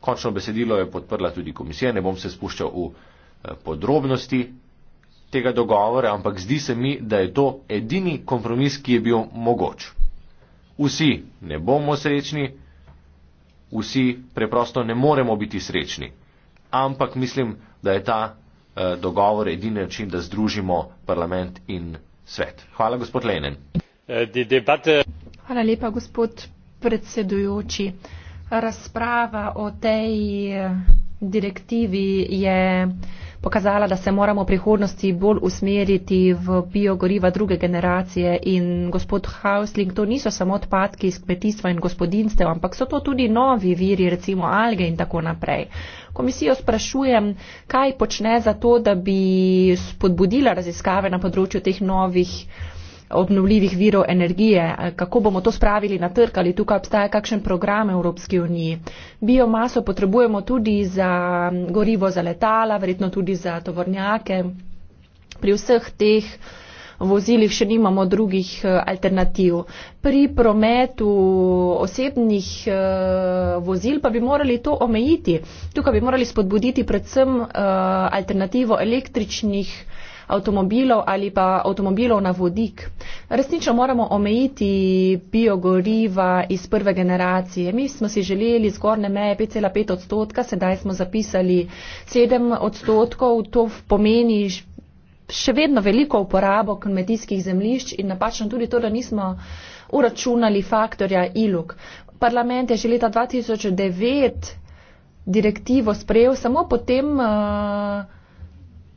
Končno besedilo je podprla tudi komisija, ne bom se spuščal v eh, podrobnosti tega dogovora, ampak zdi se mi, da je to edini kompromis, ki je bil mogoč. Vsi ne bomo srečni, vsi preprosto ne moremo biti srečni, ampak mislim, da je ta eh, dogovor edini način, da združimo parlament in svet. Hvala, gospod Lenin. Eh, Hvala lepa, gospod predsedujoči. Razprava o tej eh, direktivi je pokazala, da se moramo v prihodnosti bolj usmeriti v biogoriva druge generacije in gospod Hausling, to niso samo odpadki iz kmetijstva in gospodinstev, ampak so to tudi novi viri, recimo alge in tako naprej. Komisijo sprašujem, kaj počne za to, da bi spodbudila raziskave na področju teh novih obnovljivih virov energije. Kako bomo to spravili na trg ali tukaj obstaja kakšen program Evropske unije? Biomaso potrebujemo tudi za gorivo za letala, verjetno tudi za tovornjake. Pri vseh teh vozilih še nimamo drugih e, alternativ. Pri prometu osebnih e, vozil pa bi morali to omejiti. Tukaj bi morali spodbuditi predvsem e, alternativo električnih avtomobilov ali pa avtomobilov na vodik. Resnično moramo omejiti biogoriva iz prve generacije. Mi smo si želeli zgorne meje 5,5 odstotka, sedaj smo zapisali 7 odstotkov. To pomeni še vedno veliko uporabo kmetijskih zemljišč in napačno tudi to, da nismo uračunali faktorja ilug. Parlament je že leta 2009 direktivo sprejel, samo potem uh,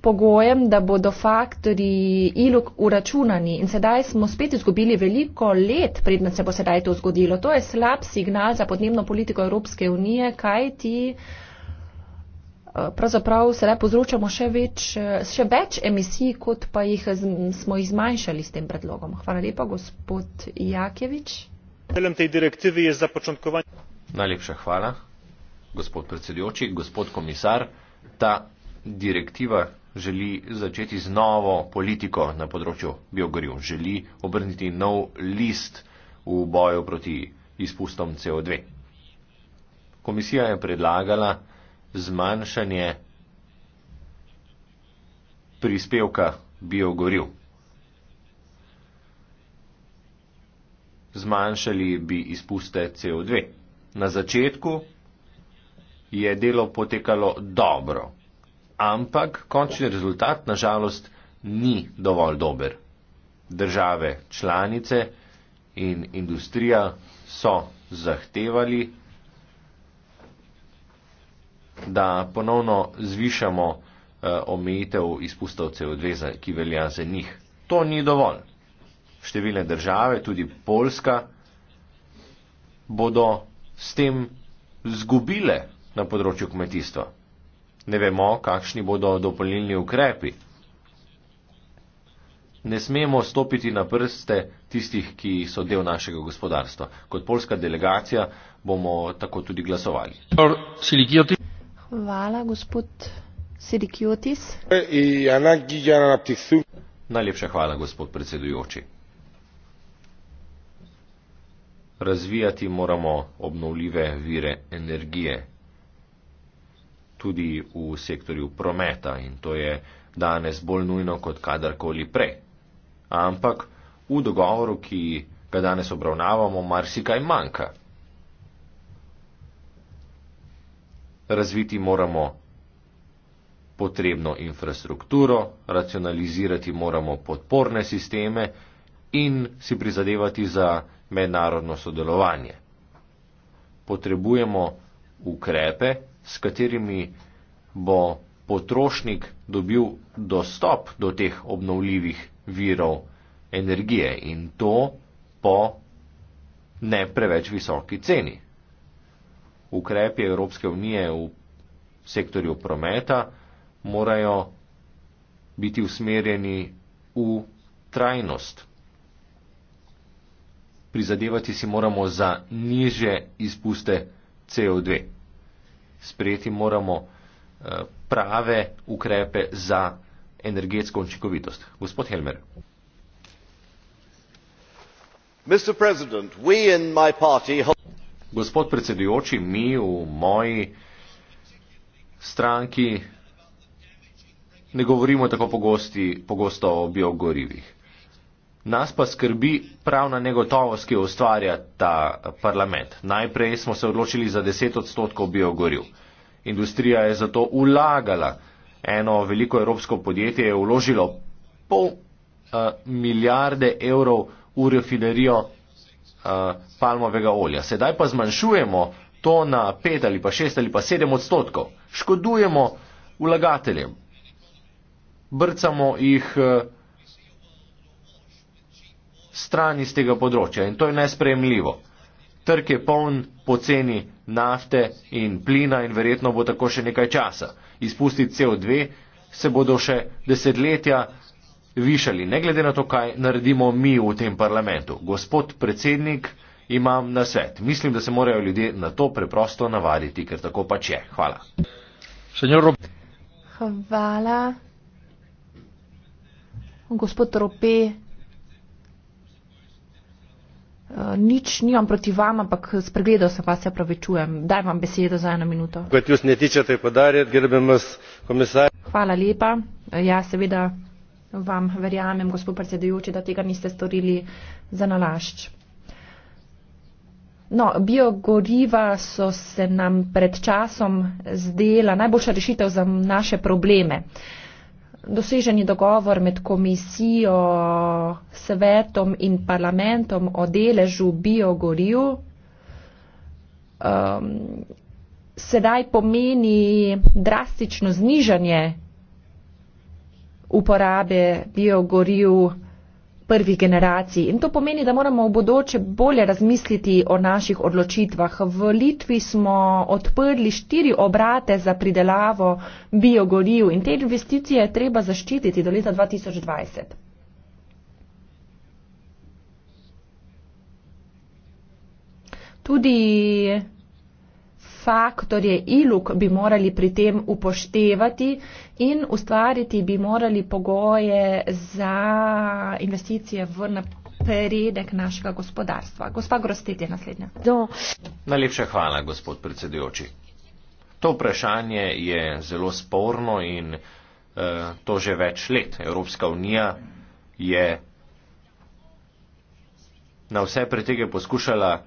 pogojem, da bodo faktori ilok uračunani. In sedaj smo spet izgubili veliko let, predna se bo sedaj to zgodilo. To je slab signal za podnebno politiko Evropske unije, kaj ti eh, pravzaprav sedaj povzročamo še, eh, še več emisij, kot pa jih smo jih zmanjšali s tem predlogom. Hvala lepa, gospod Jakevič. Najlepša hvala, gospod predsedujoči, gospod komisar. Ta direktiva, želi začeti z novo politiko na področju biogoriv, želi obrniti nov list v boju proti izpustom CO2. Komisija je predlagala zmanjšanje prispevka biogoriv. Zmanjšali bi izpuste CO2. Na začetku je delo potekalo dobro, ampak končni rezultat nažalost ni dovolj dober. Države članice in industrija so zahtevali, da ponovno zvišamo eh, omejitev izpustov CO2, ki velja za njih. To ni dovolj. Številne države, tudi Poljska, bodo s tem zgubile na področju kmetijstva. Ne vemo, kakšni bodo dopolnilni ukrepi. Ne smemo stopiti na prste tistih, ki so del našega gospodarstva. Kot polska delegacija bomo tako tudi glasovali. Hvala, gospod Sirikiotis. Najlepša hvala, gospod predsedujoči. Razvijati moramo obnovljive vire energije tudi v sektorju prometa in to je danes bolj nujno kot kadarkoli prej. Ampak v dogovoru, ki ga danes obravnavamo, marsikaj manjka. Razviti moramo potrebno infrastrukturo, racionalizirati moramo podporne sisteme in si prizadevati za mednarodno sodelovanje. Potrebujemo ukrepe, s katerimi bo potrošnik dobil dostop do teh obnovljivih virov energije in to po ne preveč visoki ceni. Ukrepi Evropske unije v sektorju prometa morajo biti usmerjeni v trajnost. Prizadevati si moramo za niže izpuste CO2 sprejeti moramo eh, prave ukrepe za energetsko učinkovitost. Gospod Helmer. Gospod predsedujoči, mi v moji stranki ne govorimo tako pogosti, pogosto o biogorivih. Nas pa skrbi pravna negotovost, ki jo ustvarja ta parlament. Najprej smo se odločili za 10 odstotkov biogoriv. Industrija je zato ulagala. Eno veliko evropsko podjetje je uložilo pol uh, milijarde evrov v refinerijo uh, eh, palmovega olja. Sedaj pa zmanjšujemo to na 5 ali pa 6 ali pa 7 odstotkov. Škodujemo vlagateljem. Brcamo jih. Uh, stran iz tega področja in to je nespremljivo. Trg je poln poceni nafte in plina in verjetno bo tako še nekaj časa. Izpusti CO2 se bodo še desetletja višali, ne glede na to, kaj naredimo mi v tem parlamentu. Gospod predsednik, imam na svet. Mislim, da se morajo ljudje na to preprosto navaditi, ker tako pač je. Hvala. Hvala. Gospod Rope. Eh, nič nimam proti vam, ampak spregledal sem vas, se ja opravičujem. Daj vam besedo za eno minuto. Hvala lepa. Eh, ja, seveda vam verjamem, gospod predsedujoči, da tega niste storili za nalašč. No, biogoriva so se nam pred časom zdela najboljša rešitev za naše probleme. Uh, doseženi dogovor med komisijo, svetom in parlamentom o deležu biogoriv um, sedaj pomeni drastično znižanje uporabe biogoriv prvih generacij. In to pomeni, da moramo v bodoče bolje razmisliti o naših odločitvah. V Litvi smo odprli štiri obrate za pridelavo biogoriv in te investicije je treba zaščititi do leta 2020. Tudi faktorje ilug bi morali pri tem upoštevati in ustvariti bi morali pogoje za investicije v napredek našega gospodarstva. Gospa Grostet je naslednja. Do. Najlepša hvala, gospod predsedujoči. To vprašanje je zelo sporno in eh, to že več let. Evropska unija je na vse pretege poskušala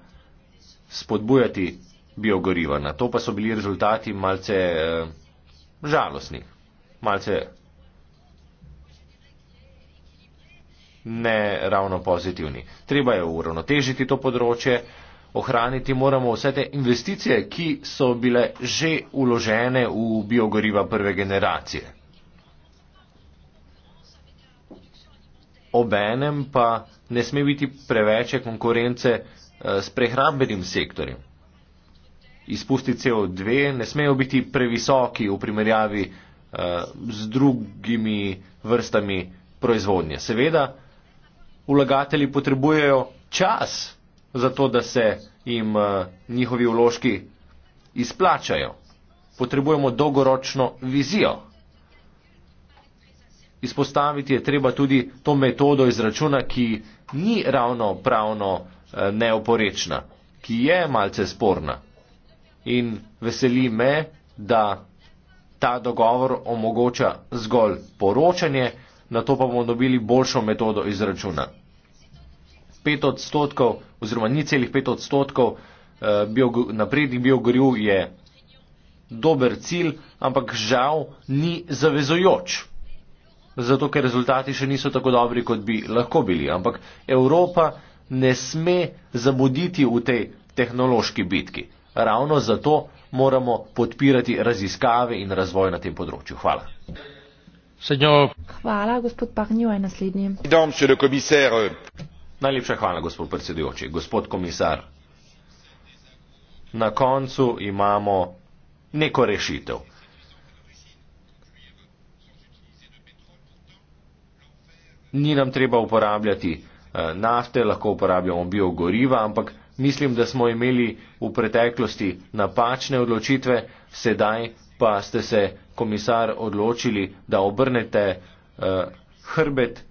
spodbujati biogoriva. Na to pa so bili rezultati malce eh, žalostni, malce ne ravno pozitivni. Treba je uravnotežiti to področje, ohraniti moramo vse te investicije, ki so bile že uložene v biogoriva prve generacije. Obenem pa ne sme biti preveče konkurence eh, s prehrambenim sektorjem izpusti CO2 ne smejo biti previsoki v primerjavi eh, z drugimi vrstami proizvodnje. Seveda, vlagatelji potrebujejo čas za to, da se jim eh, njihovi vložki izplačajo. Potrebujemo dolgoročno vizijo. Izpostaviti je treba tudi to metodo izračuna, ki ni ravno pravno eh, neoporečna, ki je malce sporna in veseli me, da ta dogovor omogoča zgolj poročanje, na to pa bomo dobili boljšo metodo izračuna. 5 odstotkov oziroma ni celih 5 odstotkov eh, bio, naprednih biogoriv je dober cilj, ampak žal ni zavezojoč. Zato, ker rezultati še niso tako dobri, kot bi lahko bili. Ampak Evropa ne sme zamuditi v tej tehnološki bitki ravno zato moramo podpirati raziskave in razvoj na tem področju. Hvala. Senjor. Hvala, gospod Pahnjo, je naslednji. Najlepša hvala, gospod predsedujoči. Gospod komisar, na koncu imamo neko rešitev. Ni nam treba uporabljati eh, nafte, lahko uporabljamo biogoriva, ampak Mislim, da smo imeli v preteklosti napačne odločitve, sedaj pa ste se, komisar, odločili, da obrnete uh, hrbet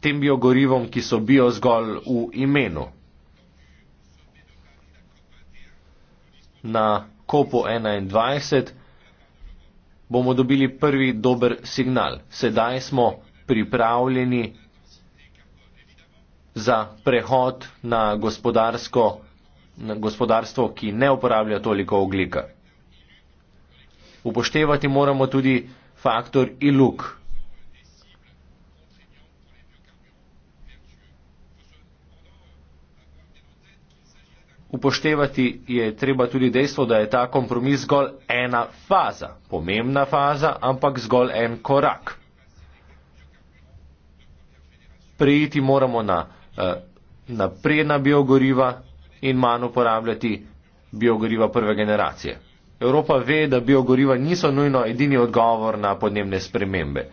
tem biogorivom, ki so bio zgolj v imenu. Na kopu 21 bomo dobili prvi dober signal. Sedaj smo pripravljeni za prehod na, gospodarsko, na gospodarstvo, ki ne uporablja toliko oglika. Upoštevati moramo tudi faktor iluk. Upoštevati je treba tudi dejstvo, da je ta kompromis zgolj ena faza, pomembna faza, ampak zgolj en korak. Prijeti moramo na Eh, napredna biogoriva in manj uporabljati biogoriva prve generacije. Evropa ve, da biogoriva niso nujno edini odgovor na podnebne spremembe.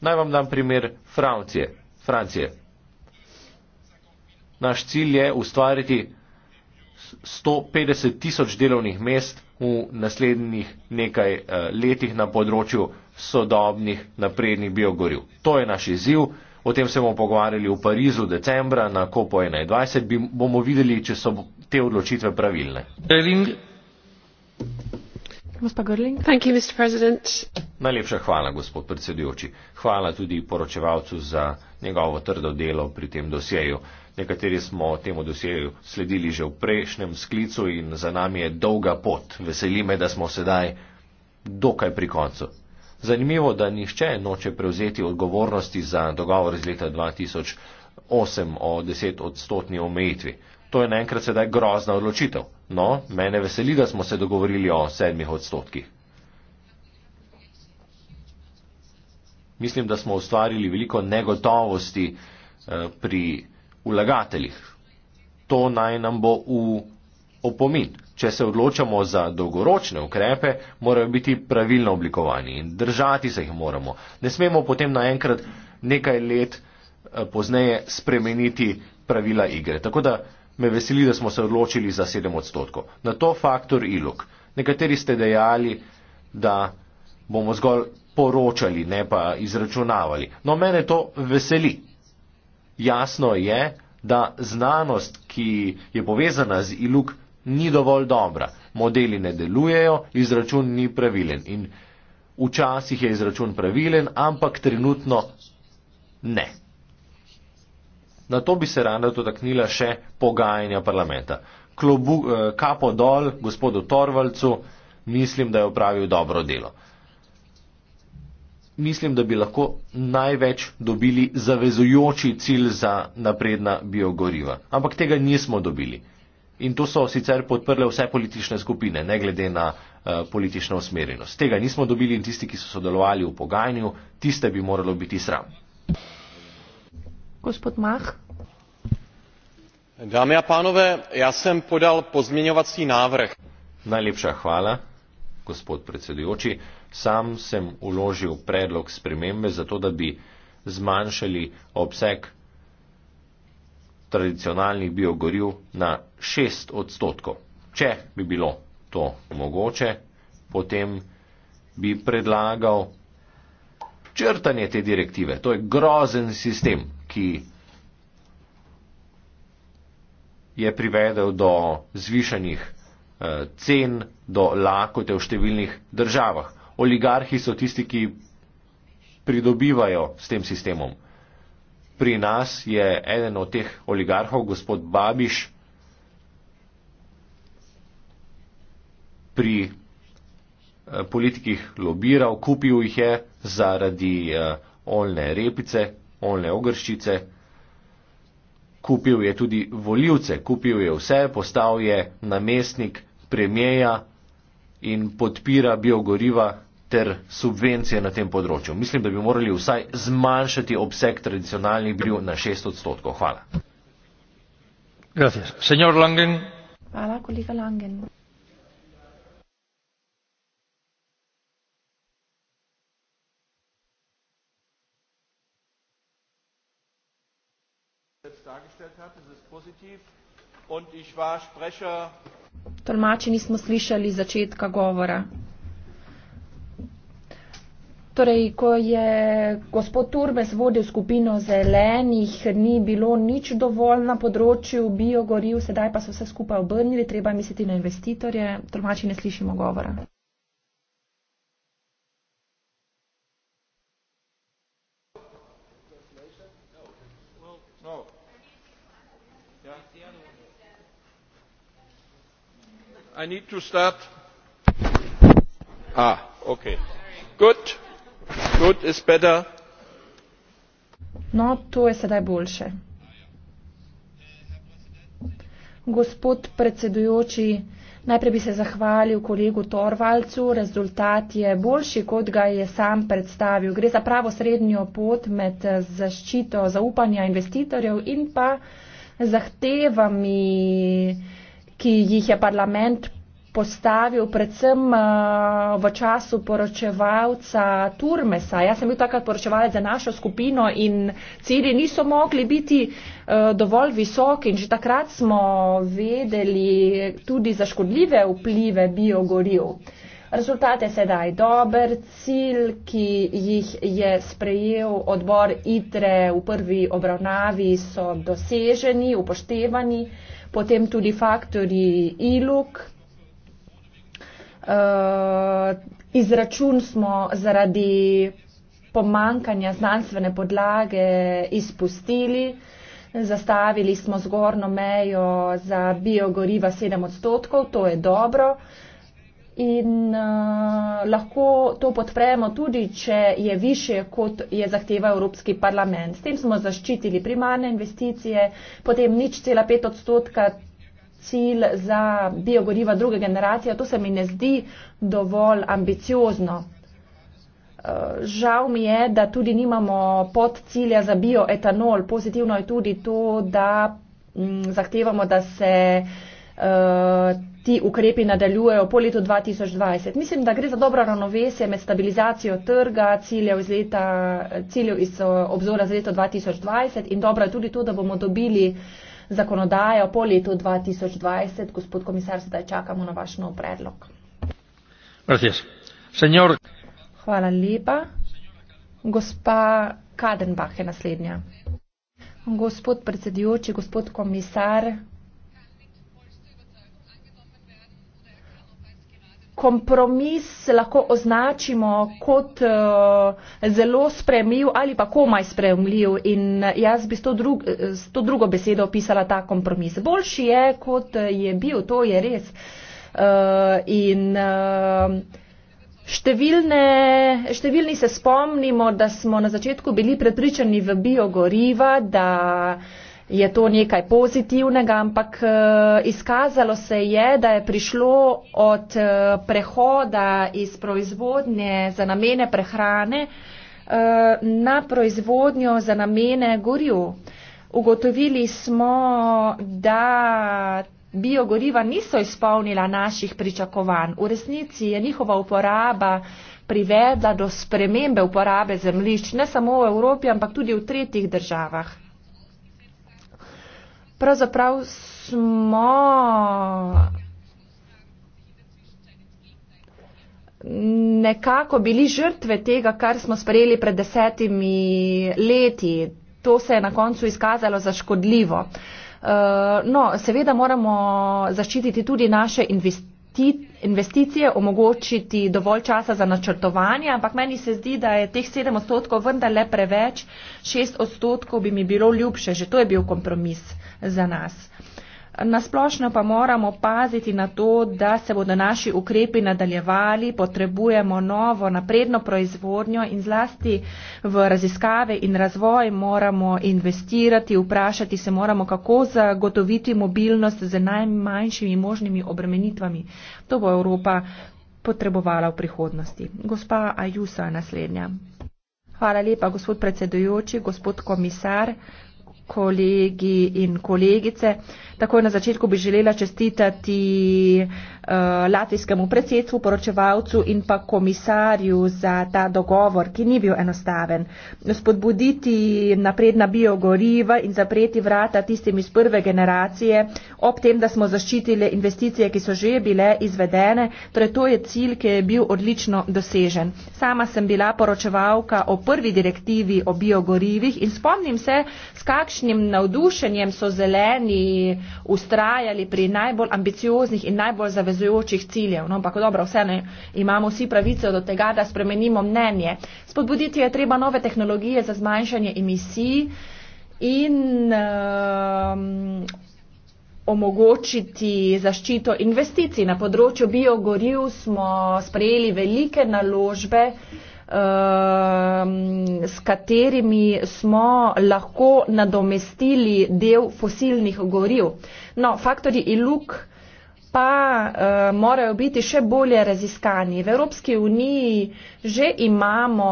Naj vam dam primer Francije. Francije. Naš cilj je ustvariti 150 tisoč delovnih mest v naslednjih nekaj eh, letih na področju sodobnih naprednih biogoriv. To je naš izziv. O tem se bomo pogovarjali v Parizu decembra na COP21. Bi, bomo videli, če so te odločitve pravilne. Berling. Thank you, Mr. President. Najlepša hvala, gospod predsedujoči. Hvala tudi poročevalcu za njegovo trdo delo pri tem dosjeju. Nekateri smo temu dosjeju sledili že v prejšnjem sklicu in za nami je dolga pot. Veseli me, da smo sedaj dokaj pri koncu. Zanimivo, da nišče noče prevzeti odgovornosti za dogovor iz leta 2008 o 10 odstotni omejitvi. To je naenkrat sedaj grozna odločitev. No, mene veseli, da smo se dogovorili o sedmih odstotkih. Mislim, da smo ustvarili veliko negotovosti eh, pri vlagateljih. To naj nam bo v opomin. Če se odločamo za dolgoročne ukrepe, morajo biti pravilno oblikovani in držati se jih moramo. Ne smemo potem naenkrat nekaj let eh, pozneje spremeniti pravila igre. Tako da me veseli, da smo se odločili za 7 odstotkov. Na to faktor ilok. Nekateri ste dejali, da bomo zgolj poročali, ne pa izračunavali. No, mene to veseli. Jasno je, da znanost, ki je povezana z ilok, ni dovolj dobra, modeli ne delujejo, izračun ni pravilen. In včasih je izračun pravilen, ampak trenutno ne. Na to bi se rada dotaknila še pogajanja parlamenta. Klobu, eh, kapo dol gospodu Torvalcu, mislim, da je upravil dobro delo. Mislim, da bi lahko največ dobili zavezujoči cilj za napredna biogoriva. Ampak tega nismo dobili. In to so sicer podprle vse politične skupine, ne glede na uh, politično usmerjenost. Tega nismo dobili in tisti, ki so sodelovali v pogajanju, tiste bi moralo biti sram. Gospod Mah. Dame in panove, jaz sem podal pozmenjovacji navrh. Najlepša hvala, gospod predsedujoči. Sam sem uložil predlog spremembe zato, da bi zmanjšali obseg tradicionalnih biogoriv na 6 odstotkov. Če bi bilo to mogoče, potem bi predlagal črtanje te direktive. To je grozen sistem, ki je privedel do zvišanih eh, cen, do lakote v številnih državah. Oligarhi so tisti, ki pridobivajo s tem sistemom pri nas je eden od teh oligarhov, gospod Babiš, pri eh, politikih lobiral, kupil jih je zaradi eh, olne repice, olne ogrščice, kupil je tudi voljivce, kupil je vse, postal je namestnik premijeja in podpira biogoriva ter subvencije na tem področju. Mislim, da bi morali vsaj zmanjšati obseg tradicionalnih bril na šest odstotkov. Hvala. Hvala, kolega Langen. Tolmačeni smo slišali začetka govora. Torej, ko je gospod Turmes vodil skupino zelenih, ni bilo nič dovolj na področju biogoriv, sedaj pa so vse skupaj obrnili, treba misliti na investitorje, tromači ne slišimo govora. I need to start. Ah, okay. Good good is better. No, to je sedaj boljše. Gospod predsedujoči, najprej bi se zahvalil kolegu Torvalcu. Rezultat je boljši, kot ga je sam predstavil. Gre za pravo srednjo pot med zaščito zaupanja investitorjev in pa zahtevami, ki jih je parlament postavil predvsem eh, v času poročevalca Turmesa. Jaz sem bil takrat poročevalec za našo skupino in cilji niso mogli biti eh, dovolj visoki in že takrat smo vedeli tudi za škodljive vplive biogoril. Rezultate sedaj dober, cilj, ki jih je sprejel odbor ITRE v prvi obravnavi, so doseženi, upoštevani, potem tudi faktori ILUK. E Eh, izračun smo zaradi pomankanja znanstvene podlage izpustili. Zastavili smo zgornjo mejo za biogoriva 7 odstotkov, to je dobro. In uh, lahko to podpremo tudi, če je više, kot je zahteva Evropski parlament. S tem smo zaščitili primarne investicije, potem nič cela pet odstotka cilj za biogoriva druge generacije. To se mi ne zdi dovolj ambiciozno. Eh, žal mi je, da tudi nimamo pod cilja za bioetanol. Pozitivno je tudi to, da mm, zahtevamo, da se eh, ti ukrepi nadaljujejo po letu 2020. Mislim, da gre za dobro ravnovesje med stabilizacijo trga, ciljev iz, leta, ciljev iz eh, obzora z leto 2020 in dobro je tudi to, da bomo dobili zakonodajo po letu 2020. Gospod komisar, sedaj čakamo na vaš nov predlog. Hvala lepa. Gospa Kadenbach je naslednja. Gospod predsedujoči, gospod komisar, kompromis lahko označimo kot uh, zelo spremljiv ali pa komaj spremljiv in eh, jaz bi s to, drug, eh, s to drugo besedo opisala ta kompromis. Boljši je, kot je bil, to je res. Uh, in uh, številne, številni se spomnimo, da smo na začetku bili prepričani v biogoriva, da uh, je to nekaj pozitivnega, ampak eh, izkazalo se je, da je prišlo od eh, prehoda iz proizvodnje za namene prehrane eh, na proizvodnjo za namene gorju. Ugotovili smo, da biogoriva niso izpolnila naših pričakovanj. V resnici je njihova uporaba privedla do spremembe uporabe zemlišč ne samo v Evropi, ampak tudi v tretjih državah pravzaprav smo. Nekako bili žrtve tega, kar smo sprejeli pred desetimi leti. To se je na koncu izkazalo za škodljivo. Eh, no, seveda moramo zaščititi tudi naše investi investicije, omogočiti dovolj časa za načrtovanje, ampak meni se zdi, da je teh 7 odstotkov vendarle preveč, 6 odstotkov bi mi bilo ljubše, že to je bil kompromis za nas. Nasplošno pa moramo paziti na to, da se bodo naši ukrepi nadaljevali, potrebujemo novo napredno proizvodnjo in zlasti v raziskave in razvoj moramo investirati, vprašati se moramo, kako zagotoviti mobilnost z najmanjšimi možnimi obremenitvami. To bo Evropa potrebovala v prihodnosti. Gospa Ajusa naslednja. Hvala lepa, gospod predsedujoči, gospod komisar, kolegi in kolegice. Takoj na začetku bi želela čestitati eh, latvijskemu predsedstvu, poročevalcu in pa komisarju za ta dogovor, ki ni bil enostaven. Spodbuditi napredna biogoriva in zapreti vrata tistim iz prve generacije, ob tem, da smo zaščitili investicije, ki so že bile izvedene, torej to je cilj, ki je bil odlično dosežen. Sama sem bila poročevalka o prvi direktivi o biogorivih in spomnim se, s kakšnim navdušenjem so zeleni uh, ustrajali pri najbolj ambicioznih in najbolj zavezujočih ciljev. No, ampak dobro, vseeno imamo vsi pravico do tega, da spremenimo mnenje. Spodbuditi je treba nove tehnologije za zmanjšanje emisij in um, omogočiti zaščito investicij. Na področju biogoriv smo sprejeli velike naložbe, uh, Ehm, s katerimi smo lahko nadomestili del fosilnih goriv. No, faktori ilug pa uh, morajo biti še bolje raziskani. V Evropski uniji že imamo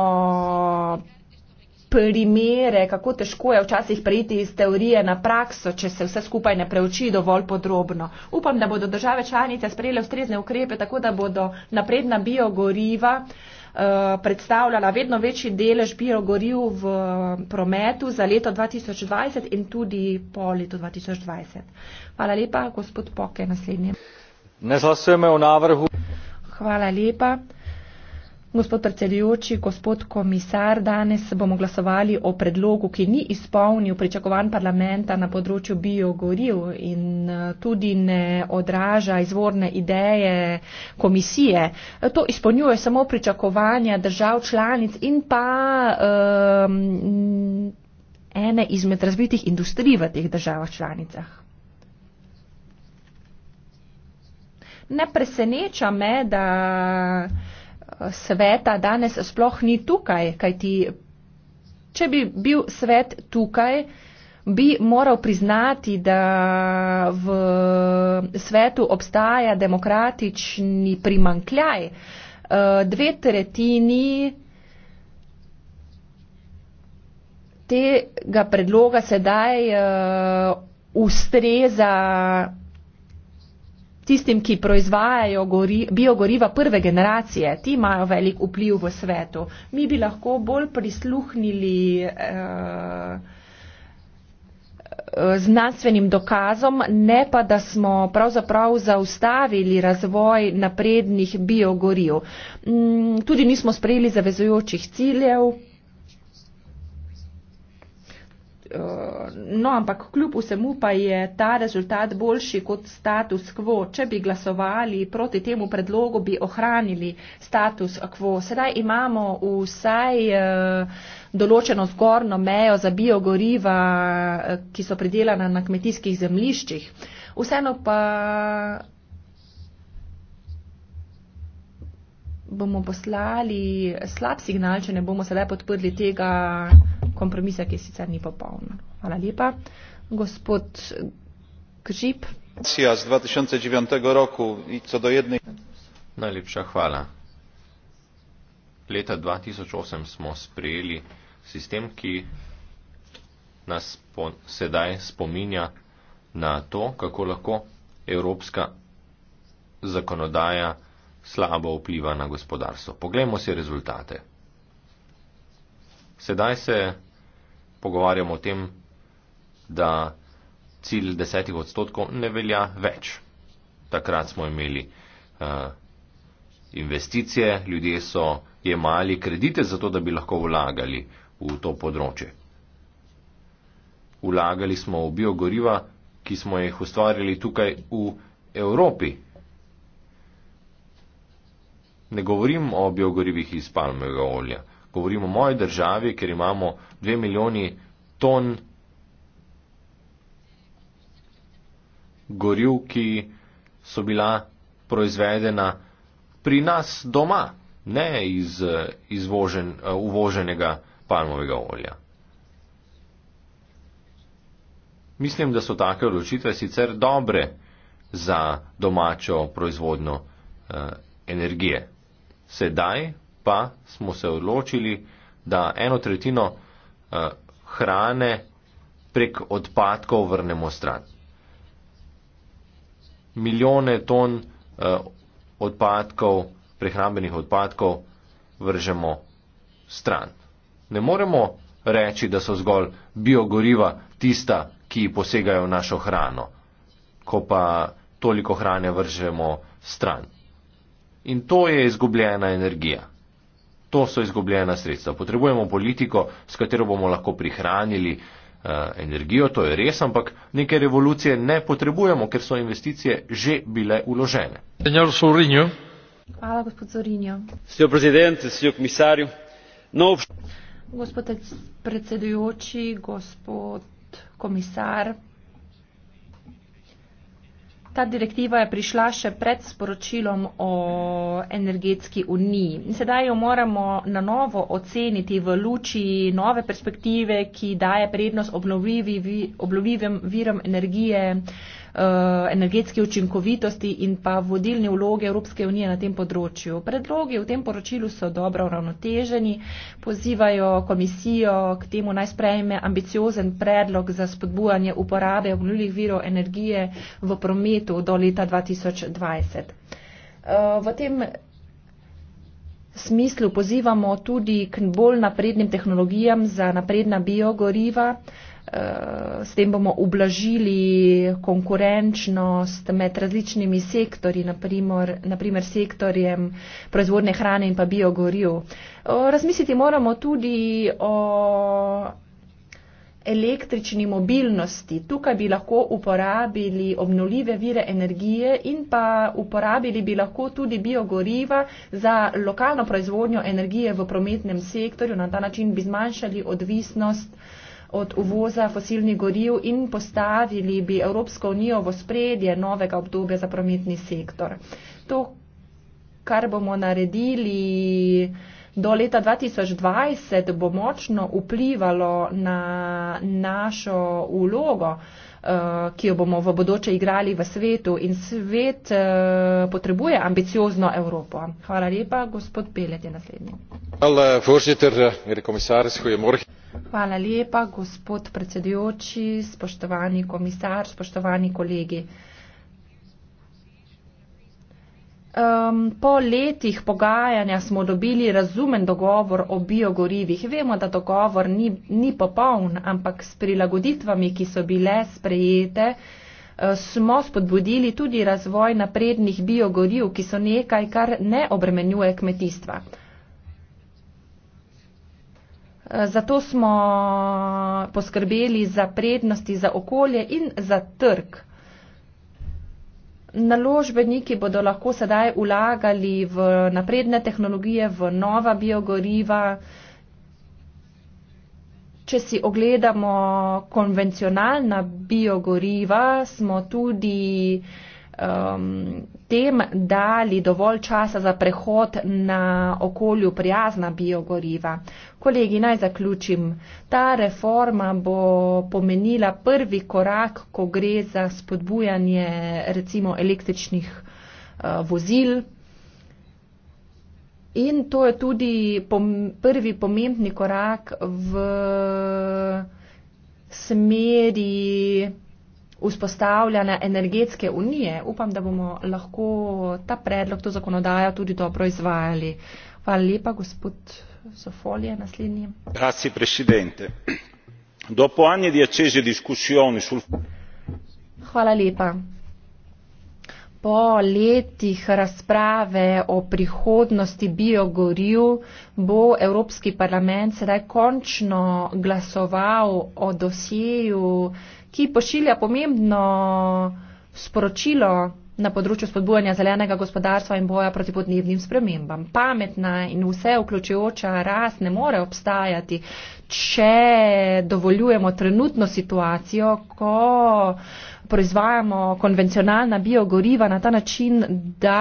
primere, kako težko je včasih prejiti iz teorije na prakso, če se vse skupaj ne preuči dovolj podrobno. Upam, da bodo države članice sprejele ustrezne ukrepe, tako da bodo napredna biogoriva uh, Eh, predstavljala vedno večji delež biogoriv v eh, prometu za leto 2020 in tudi po letu 2020. Hvala lepa, gospod Poke, naslednji. Ne zasujeme v navrhu. Hvala lepa. Gospod predsedujoči, gospod komisar, danes bomo glasovali o predlogu, ki ni izpolnil pričakovanj parlamenta na področju biogoriv in eh, tudi ne odraža izvorne ideje komisije. To izpolnjuje samo pričakovanja držav članic in pa um, ene izmed razvitih industrij v teh državah članicah. Ne preseneča me, da sveta danes sploh ni tukaj, kajti če bi bil svet tukaj, bi moral priznati, da v svetu obstaja demokratični primankljaj. Dve tretjini tega predloga sedaj eh, ustreza tistim, ki proizvajajo gori, biogoriva prve generacije. Ti imajo velik vpliv v svetu. Mi bi lahko bolj prisluhnili eh, eh znanstvenim dokazom, ne pa, da smo pravzaprav zaustavili razvoj naprednih biogoriv. Mm, tudi nismo sprejeli zavezujočih ciljev no, ampak kljub vsemu pa je ta rezultat boljši kot status quo. Če bi glasovali proti temu predlogu, bi ohranili status quo. Sedaj imamo vsaj eh, določeno zgorno mejo za biogoriva, eh, ki so pridelana na kmetijskih zemliščih. Vseeno pa bomo poslali slab signal, če ne bomo sedaj podprli tega kompromisa, ki sicer ni popoln. Hvala lepa. Gospod Kržip. Najlepša hvala. Leta 2008 smo sprejeli sistem, ki nas po, sedaj spominja na to, kako lahko evropska zakonodaja slabo vpliva na gospodarstvo. Poglejmo si rezultate. Sedaj se pogovarjamo o tem, da cilj desetih odstotkov ne velja več. Takrat smo imeli uh, investicije, ljudje so jemali kredite za to, da bi lahko vlagali v to področje. Vlagali smo v biogoriva, ki smo jih ustvarjali tukaj v Evropi. Ne govorim o biogorivih iz palmega olja. Govorim o moji državi, ker imamo dve milijoni ton goriv, ki so bila proizvedena pri nas doma, ne iz izvožen, uvoženega palmovega olja. Mislim, da so take odločitve sicer dobre za domačo proizvodno eh, energije sedaj pa smo se odločili, da eno tretjino uh, hrane prek odpadkov vrnemo stran. Milijone ton uh, odpadkov, prehrambenih odpadkov vržemo stran. Ne moremo reči, da so zgolj biogoriva tista, ki posegajo v našo hrano, ko pa toliko hrane vržemo stran. In to je izgubljena energija. To so izgubljena sredstva. Potrebujemo politiko, s katero bomo lahko prihranili uh, energijo, to je res, ampak neke revolucije ne potrebujemo, ker so investicije že bile uložene. Hvala, gospod Zorinjo. Gospod predsednik, gospod komisar. Gospod predsedujoči, gospod komisar. Ta direktiva je prišla še pred sporočilom o energetski uniji. Sedaj jo moramo na novo oceniti v luči nove perspektive, ki daje prednost obnovljivim virom energije. Eh, energetski učinkovitosti in pa vodilne vloge Evropske unije na tem področju. Predlogi v tem poročilu so dobro uravnoteženi, pozivajo komisijo k temu naj sprejme ambiciozen predlog za spodbujanje uporabe obnuljih virov energije v prometu do leta 2020. Eh, v smislu pozivamo tudi k bolj naprednim tehnologijam za napredna biogoriva. Uh, Eh, s tem bomo ublažili konkurenčnost med različnimi sektorji, naprimer, naprimer sektorjem proizvodne hrane in pa biogoril. Razmisliti moramo tudi o električni mobilnosti. Tukaj bi lahko uporabili obnoljive vire energije in pa uporabili bi lahko tudi biogoriva za lokalno proizvodnjo energije v prometnem sektorju. Na ta način bi zmanjšali odvisnost uh, od uvoza fosilnih goriv in postavili bi Evropsko unijo v spredje novega obdobja za prometni sektor. To, kar bomo naredili do leta 2020, bo močno vplivalo na našo ulogo. Eh, ki jo bomo v bodoče igrali v svetu in svet eh, potrebuje ambiciozno Evropo. Hvala lepa, gospod Pelet je naslednji. Hvala, voršiter, Hvala lepa, gospod predsedujoči, spoštovani komisar, spoštovani kolegi. Um, po letih pogajanja smo dobili razumen dogovor o biogorivih. Vemo, da dogovor ni, ni popoln, ampak s prilagoditvami, ki so bile sprejete, eh, smo spodbudili tudi razvoj naprednih biogoriv, ki so nekaj, kar ne obremenjuje kmetijstva. Eh, zato smo poskrbeli za prednosti za okolje in za trg. Naložbeniki bodo lahko sedaj vlagali v napredne tehnologije, v nova biogoriva. Če si ogledamo konvencionalna biogoriva, smo tudi uh, um, tem dali dovolj časa za prehod na okolju prijazna biogoriva. Kolegi, naj zaključim. Ta reforma bo pomenila prvi korak, ko gre za spodbujanje recimo električnih uh, vozil. In to je tudi pom prvi pomembni korak v smeri vzpostavljanja energetske unije. Upam, da bomo lahko ta predlog, to zakonodajo tudi dobro izvajali. Hvala lepa, gospod Sofolje, naslednji. Grazie, presidente. Dopo anni di accese discussioni sul. Hvala lepa. Po letih razprave o prihodnosti biogoriv bo Evropski parlament sedaj končno glasoval o dosjeju ki pošilja pomembno sporočilo na področju spodbujanja zelenega gospodarstva in boja proti podnebnim spremembam. Pametna in vse vključujoča rast ne more obstajati, če dovoljujemo trenutno situacijo, ko proizvajamo konvencionalna biogoriva na ta način, da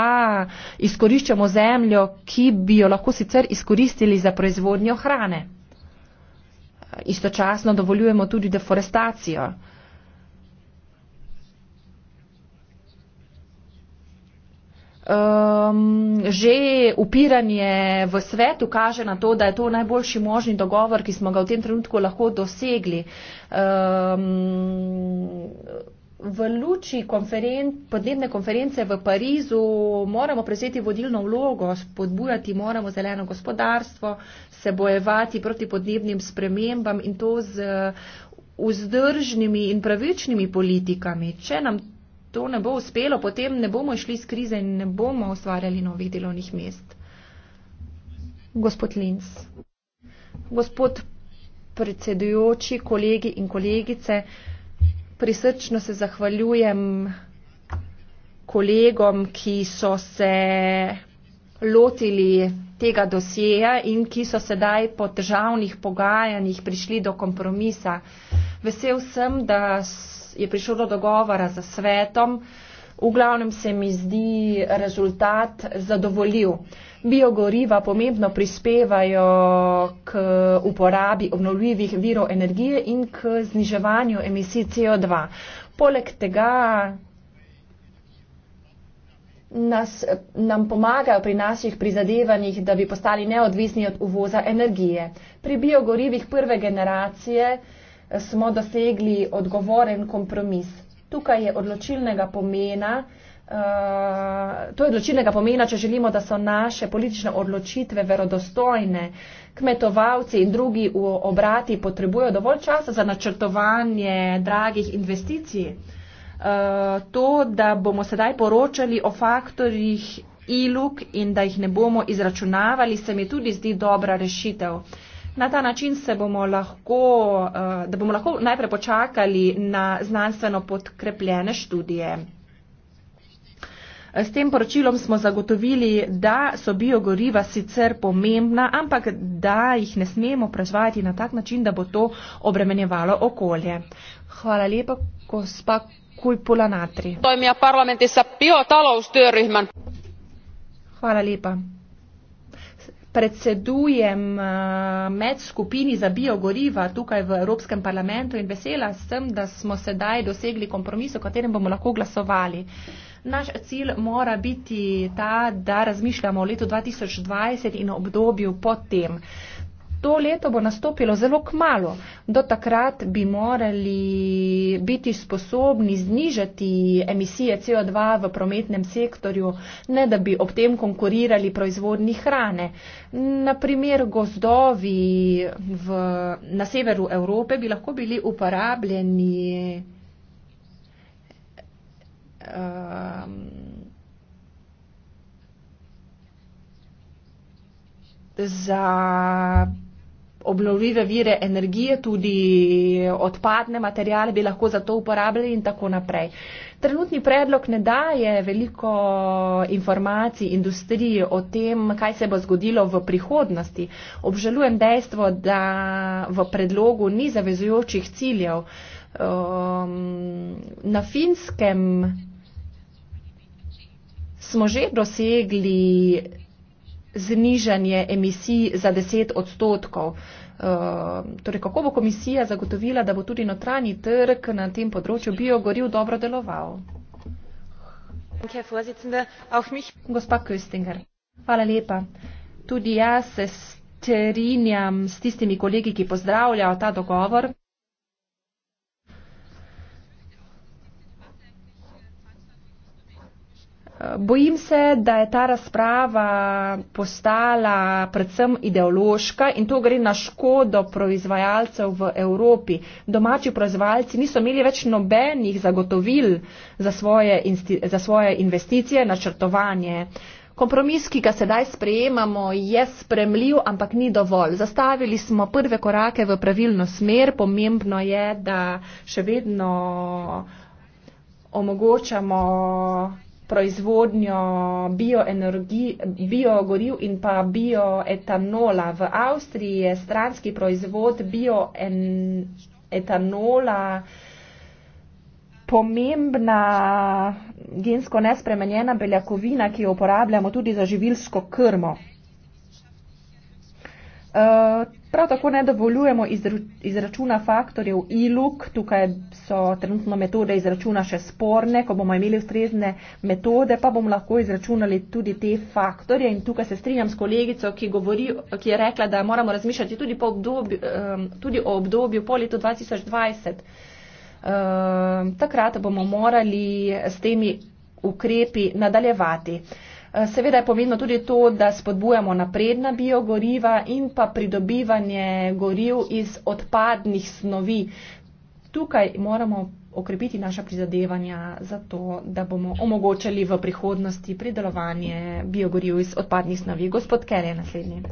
izkoriščamo zemljo, ki bi jo lahko sicer izkoristili za proizvodnjo hrane. Istočasno dovoljujemo tudi deforestacijo. um, že upiranje v svetu kaže na to, da je to najboljši možni dogovor, ki smo ga v tem trenutku lahko dosegli. Um, V luči konferen podnebne konference v Parizu moramo prevzeti vodilno vlogo, spodbujati moramo zeleno gospodarstvo, se bojevati proti podnebnim spremembam in to z vzdržnimi in pravičnimi politikami. Če nam to ne bo uspelo, potem ne bomo šli iz krize in ne bomo ustvarjali novih delovnih mest. Gospod Linz, gospod predsedujoči, kolegi in kolegice, prisrčno se zahvaljujem kolegom, ki so se lotili tega dosjeja in ki so sedaj po državnih pogajanjih prišli do kompromisa. Vesel sem, da so je prišlo do dogovora za svetom, v glavnem se mi zdi rezultat zadovoljiv. Biogoriva pomembno prispevajo k uporabi obnovljivih virov energije in k zniževanju emisij CO2. Poleg tega nas, nam pomagajo pri naših prizadevanjih, da bi postali neodvisni od uvoza energije. Pri biogorivih prve generacije smo dosegli odgovoren kompromis. Tukaj je odločilnega pomena, uh, to je odločilnega pomena, če želimo, da so naše politične odločitve verodostojne. Kmetovalci in drugi v obrati potrebujo dovolj časa za načrtovanje dragih investicij. Uh, to, da bomo sedaj poročali o faktorjih iluk in da jih ne bomo izračunavali, se mi tudi zdi dobra rešitev. Uh, Na ta način se bomo lahko, eh, da bomo lahko najprej počakali na znanstveno podkrepljene študije. S tem poročilom smo zagotovili, da so biogoriva sicer pomembna, ampak da jih ne smemo proizvajati na tak način, da bo to obremenjevalo okolje. Hvala lepa, gospa Kujpula Natri. Hvala lepa predsedujem eh, med skupini za biogoriva tukaj v Evropskem parlamentu in vesela sem, da smo sedaj dosegli kompromis, o katerem bomo lahko glasovali. Naš cilj mora biti ta, da razmišljamo o letu 2020 in obdobju potem. tem to leto bo nastopilo zelo kmalo. Do takrat bi morali biti sposobni znižati emisije CO2 v prometnem sektorju, ne da bi ob tem konkurirali proizvodni hrane. Naprimer, gozdovi v, na severu Evrope bi lahko bili uporabljeni. Um, za obnovljive vire energije, tudi odpadne materijale bi lahko za to uporabljali in tako naprej. Trenutni predlog ne daje veliko informacij industriji o tem, kaj se bo zgodilo v prihodnosti. Obžalujem dejstvo, da v predlogu ni zavezujočih ciljev. Um, na finskem smo že dosegli znižanje emisij za 10 odstotkov. Eh, torej, kako bo komisija zagotovila, da bo tudi notranji trg na tem področju biogoriv dobro deloval? Gospa Köstinger, hvala lepa. Tudi jaz se strinjam s tistimi kolegi, ki pozdravljajo ta dogovor. Bojim se, da je ta razprava postala predvsem ideološka in to gre na škodo proizvajalcev v Evropi. Domači proizvajalci niso imeli več nobenih zagotovil za svoje, za svoje investicije, načrtovanje. Kompromis, ki ga sedaj sprejemamo, je spremljiv, ampak ni dovolj. Zastavili smo prve korake v pravilno smer. Pomembno je, da še vedno omogočamo proizvodnjo biogoriv bio in pa bioetanola. V Avstriji je stranski proizvod bioetanola pomembna gensko nespremenjena beljakovina, ki jo uporabljamo tudi za živilsko krmo. Uh, Prav tako ne dovoljujemo izračuna faktorjev ILUK, tukaj so trenutno metode izračuna še sporne, ko bomo imeli ustrezne metode, pa bomo lahko izračunali tudi te faktorje. In tukaj se strinjam s kolegico, ki, govori, ki je rekla, da moramo razmišljati tudi, po obdobju, ehm, tudi o obdobju po letu 2020. Ehm, takrat bomo morali s temi ukrepi nadaljevati. Eh, seveda je pomembno tudi to, da spodbujamo napredna biogoriva in pa pridobivanje goriv iz odpadnih snovi. Tukaj moramo okrepiti naša prizadevanja za to, da bomo omogočali v prihodnosti pridelovanje biogoriv iz odpadnih snovi. Gospod Kerr je naslednji.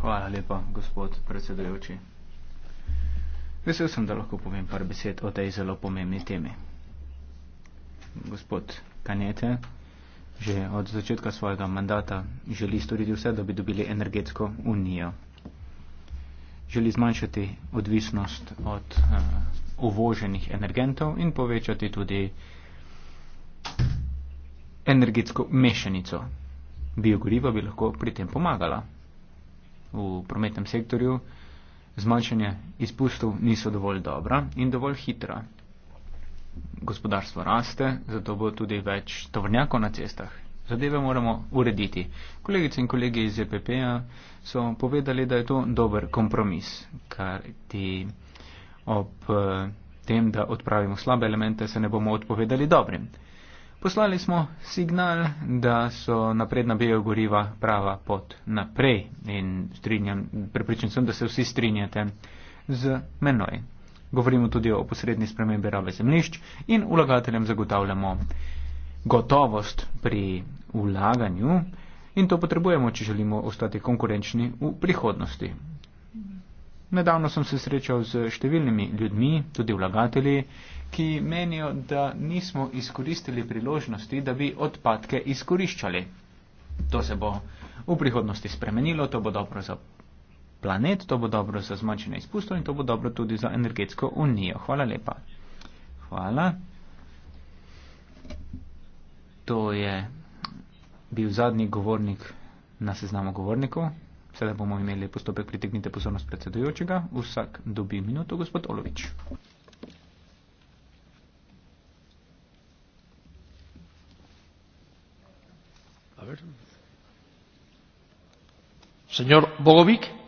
Hvala lepa, gospod predsedujoči. Vesel sem, da lahko povem par besed o tej zelo pomembni temi gospod Kanete že od začetka svojega mandata želi storiti vse, da bi dobili energetsko unijo. Želi zmanjšati odvisnost od uh, uvoženih energentov in povečati tudi energetsko mešanico. Biogoriva bi lahko pri tem pomagala. V prometnem sektorju zmanjšanje izpustov niso dovolj dobra in dovolj hitra gospodarstvo raste, zato bo tudi več tovrnjakov na cestah. Zadeve moramo urediti. Kolegice in kolegi iz EPP-ja so povedali, da je to dober kompromis, kar ti ob eh, tem, da odpravimo slabe elemente, se ne bomo odpovedali dobrim. Poslali smo signal, da so napredna biogoriva prava pot naprej in pripričan sem, da se vsi strinjate z menoj govorimo tudi o posredni spremembi rabe zemlišč in vlagateljem zagotavljamo gotovost pri vlaganju in to potrebujemo, če želimo ostati konkurenčni v prihodnosti. Nedavno sem se srečal z številnimi ljudmi, tudi vlagatelji, ki menijo, da nismo izkoristili priložnosti, da bi odpadke izkoriščali. To se bo v prihodnosti spremenilo, to bo dobro za planet, to bo dobro za zmanjšanje izpustov in to bo dobro tudi za energetsko unijo. Hvala lepa. Hvala. To je bil zadnji govornik na seznamu govornikov. Sedaj bomo imeli postopek pritegnite pozornost predsedujočega. Vsak dobi minuto, gospod Olovič. A ver. Señor Bogovic.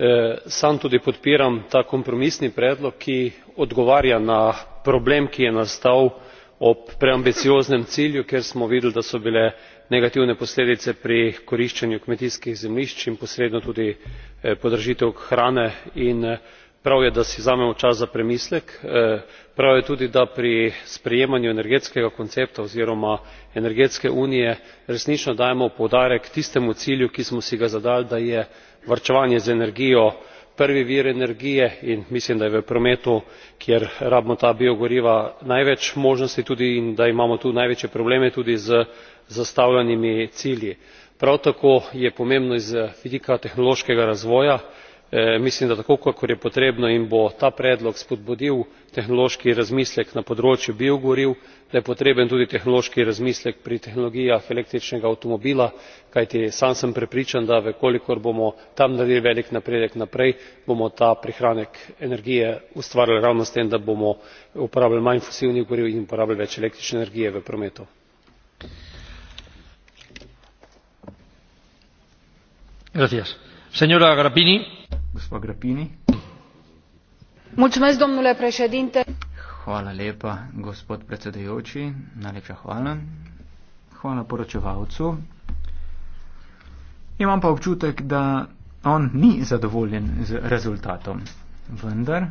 E, sam tudi podpiram ta kompromisni predlog ki odgovarja na problem ki je nastal ob preambicioznem cilju kjer smo videli da so bile negativne posledice pri koriščenju kmetijskih zemljišč in posredno tudi e, podražitev hrane in prav je da si vzamemo čas za premislek eh, prav je tudi da pri sprejemanju energetskega koncepta oziroma energetske unije resnično dajemo poudarek tistemu cilju ki smo si ga zadali da je varčevanje z energijo prvi vir energije in mislim da je v prometu kjer rabimo ta biogoriva največ možnosti tudi in da imamo tu največje probleme tudi z zastavljenimi cilji. prav tako je pomembno z vidika tehnološkega razvoja Eh, mislim da tako kakor je potrebno in bo ta predlog spodbudil tehnološki razmislek na področju biogoriv da je potreben tudi tehnološki razmislek pri tehnologijah električnega avtomobila kajti sam sem prepričan da v kolikor bomo tam naredili velik napredek naprej bomo ta prihranek energije ustvarili ravno s tem da bomo uporabljali manj fosilnih goriv in uporabljali več električne energije v prometu domnule președinte hvala lepa gospod predsedujoči najlepša hvala hvala poročevalcu imam pa občutek da on ni zadovoljen z rezultatom vendar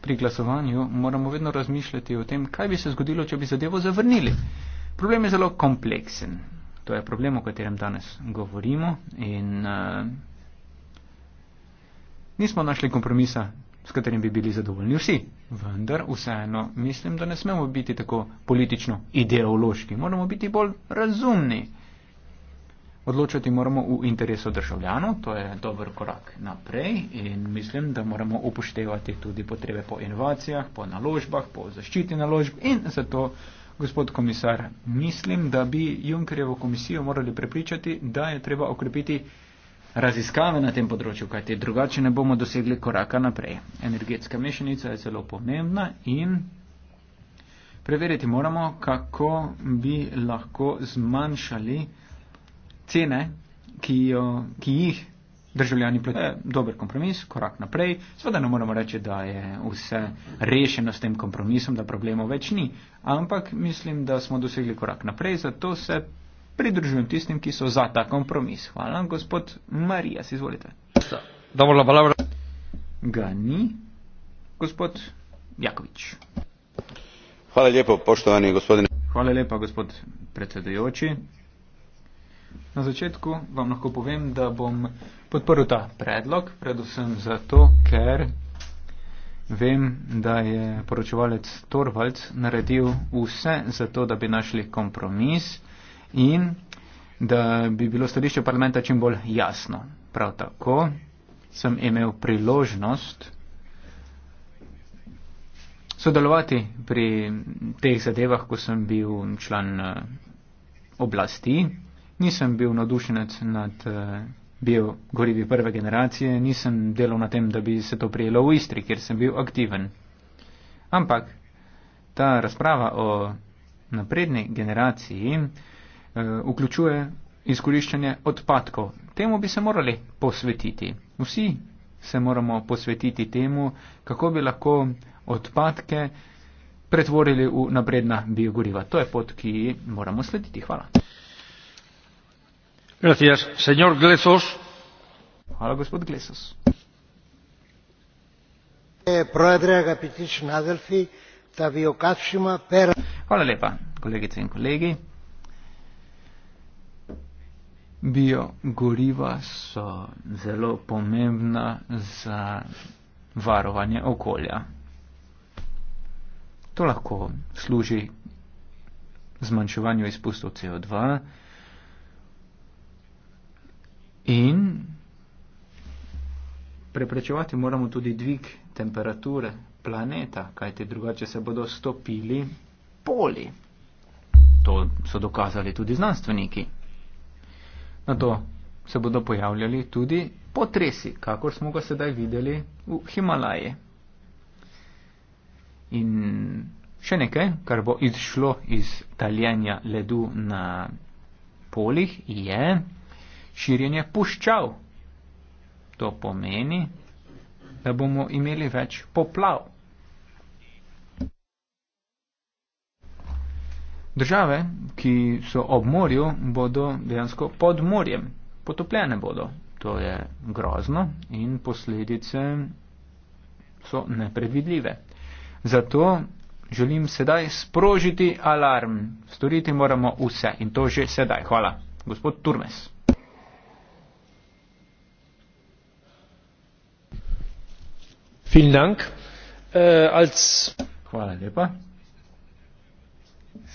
pri glasovanju moramo vedno razmišljati o tem kaj bi se zgodilo če bi zadevo zavrnili problem je zelo kompleksen to je problem o katerem danes govorimo in uh, nismo našli kompromisa, s katerim bi bili zadovoljni vsi. Vendar vseeno mislim, da ne smemo biti tako politično ideološki, moramo biti bolj razumni. Odločati moramo v interesu državljanov, to je dober korak naprej in mislim, da moramo upoštevati tudi potrebe po inovacijah, po naložbah, po zaščiti naložb in zato, gospod komisar, mislim, da bi Junkerjevo komisijo morali prepričati, da je treba okrepiti raziskave na tem področju, kajte drugače ne bomo dosegli koraka naprej. Energetska mešanica je zelo pomembna in preveriti moramo, kako bi lahko zmanjšali cene, ki, jo, ki jih državljani plačujejo. Eh, dober kompromis, korak naprej. Sveda ne moremo reči, da je vse rešeno s tem kompromisom, da problemov več ni, ampak mislim, da smo dosegli korak naprej, zato se pridružujem tistim, ki so za ta kompromis. Hvala, gospod Marijas, izvolite. Dobro, la palabra. Ga ni, gospod Jakovič. Hvala lepo, poštovani gospodine. Hvala lepa, gospod predsedujoči. Na začetku vam lahko povem, da bom podprl ta predlog, predvsem zato, ker vem, da je poročevalec Torvalc naredil vse za to, da bi našli kompromis in da bi bilo stališče parlamenta čim bolj jasno. Prav tako sem imel priložnost sodelovati pri teh zadevah, ko sem bil član eh, oblasti. Nisem bil nadušenec nad eh, bil gorivi prve generacije, nisem delal na tem, da bi se to prijelo v Istri, kjer sem bil aktiven. Ampak ta razprava o napredni generaciji Eh, vključuje izkoriščanje odpadkov. Temu bi se morali posvetiti. Vsi se moramo posvetiti temu, kako bi lahko odpadke pretvorili v napredna biogoriva. To je pot, ki ji moramo slediti. Hvala. Gracias, señor Glesos. Hvala, gospod Glesos. Eh, Hvala lepa, kolegice in kolegi biogoriva so zelo pomembna za varovanje okolja. To lahko služi zmanjševanju izpustov CO2 in preprečevati moramo tudi dvig temperature planeta, kajte drugače se bodo stopili poli. To so dokazali tudi znanstveniki. Na to se bodo pojavljali tudi potresi, kakor smo ga sedaj videli v Himalaji. In še nekaj, kar bo izšlo iz taljenja ledu na polih, je širjenje puščav. To pomeni, da bomo imeli več poplav. Države, ki so ob morju, bodo dejansko pod morjem, potopljene bodo. To je grozno in posledice so neprevidljive. Zato želim sedaj sprožiti alarm. Storiti moramo vse in to že sedaj. Hvala. Gospod Turmes. Vielen Dank. Äh, als Hvala lepa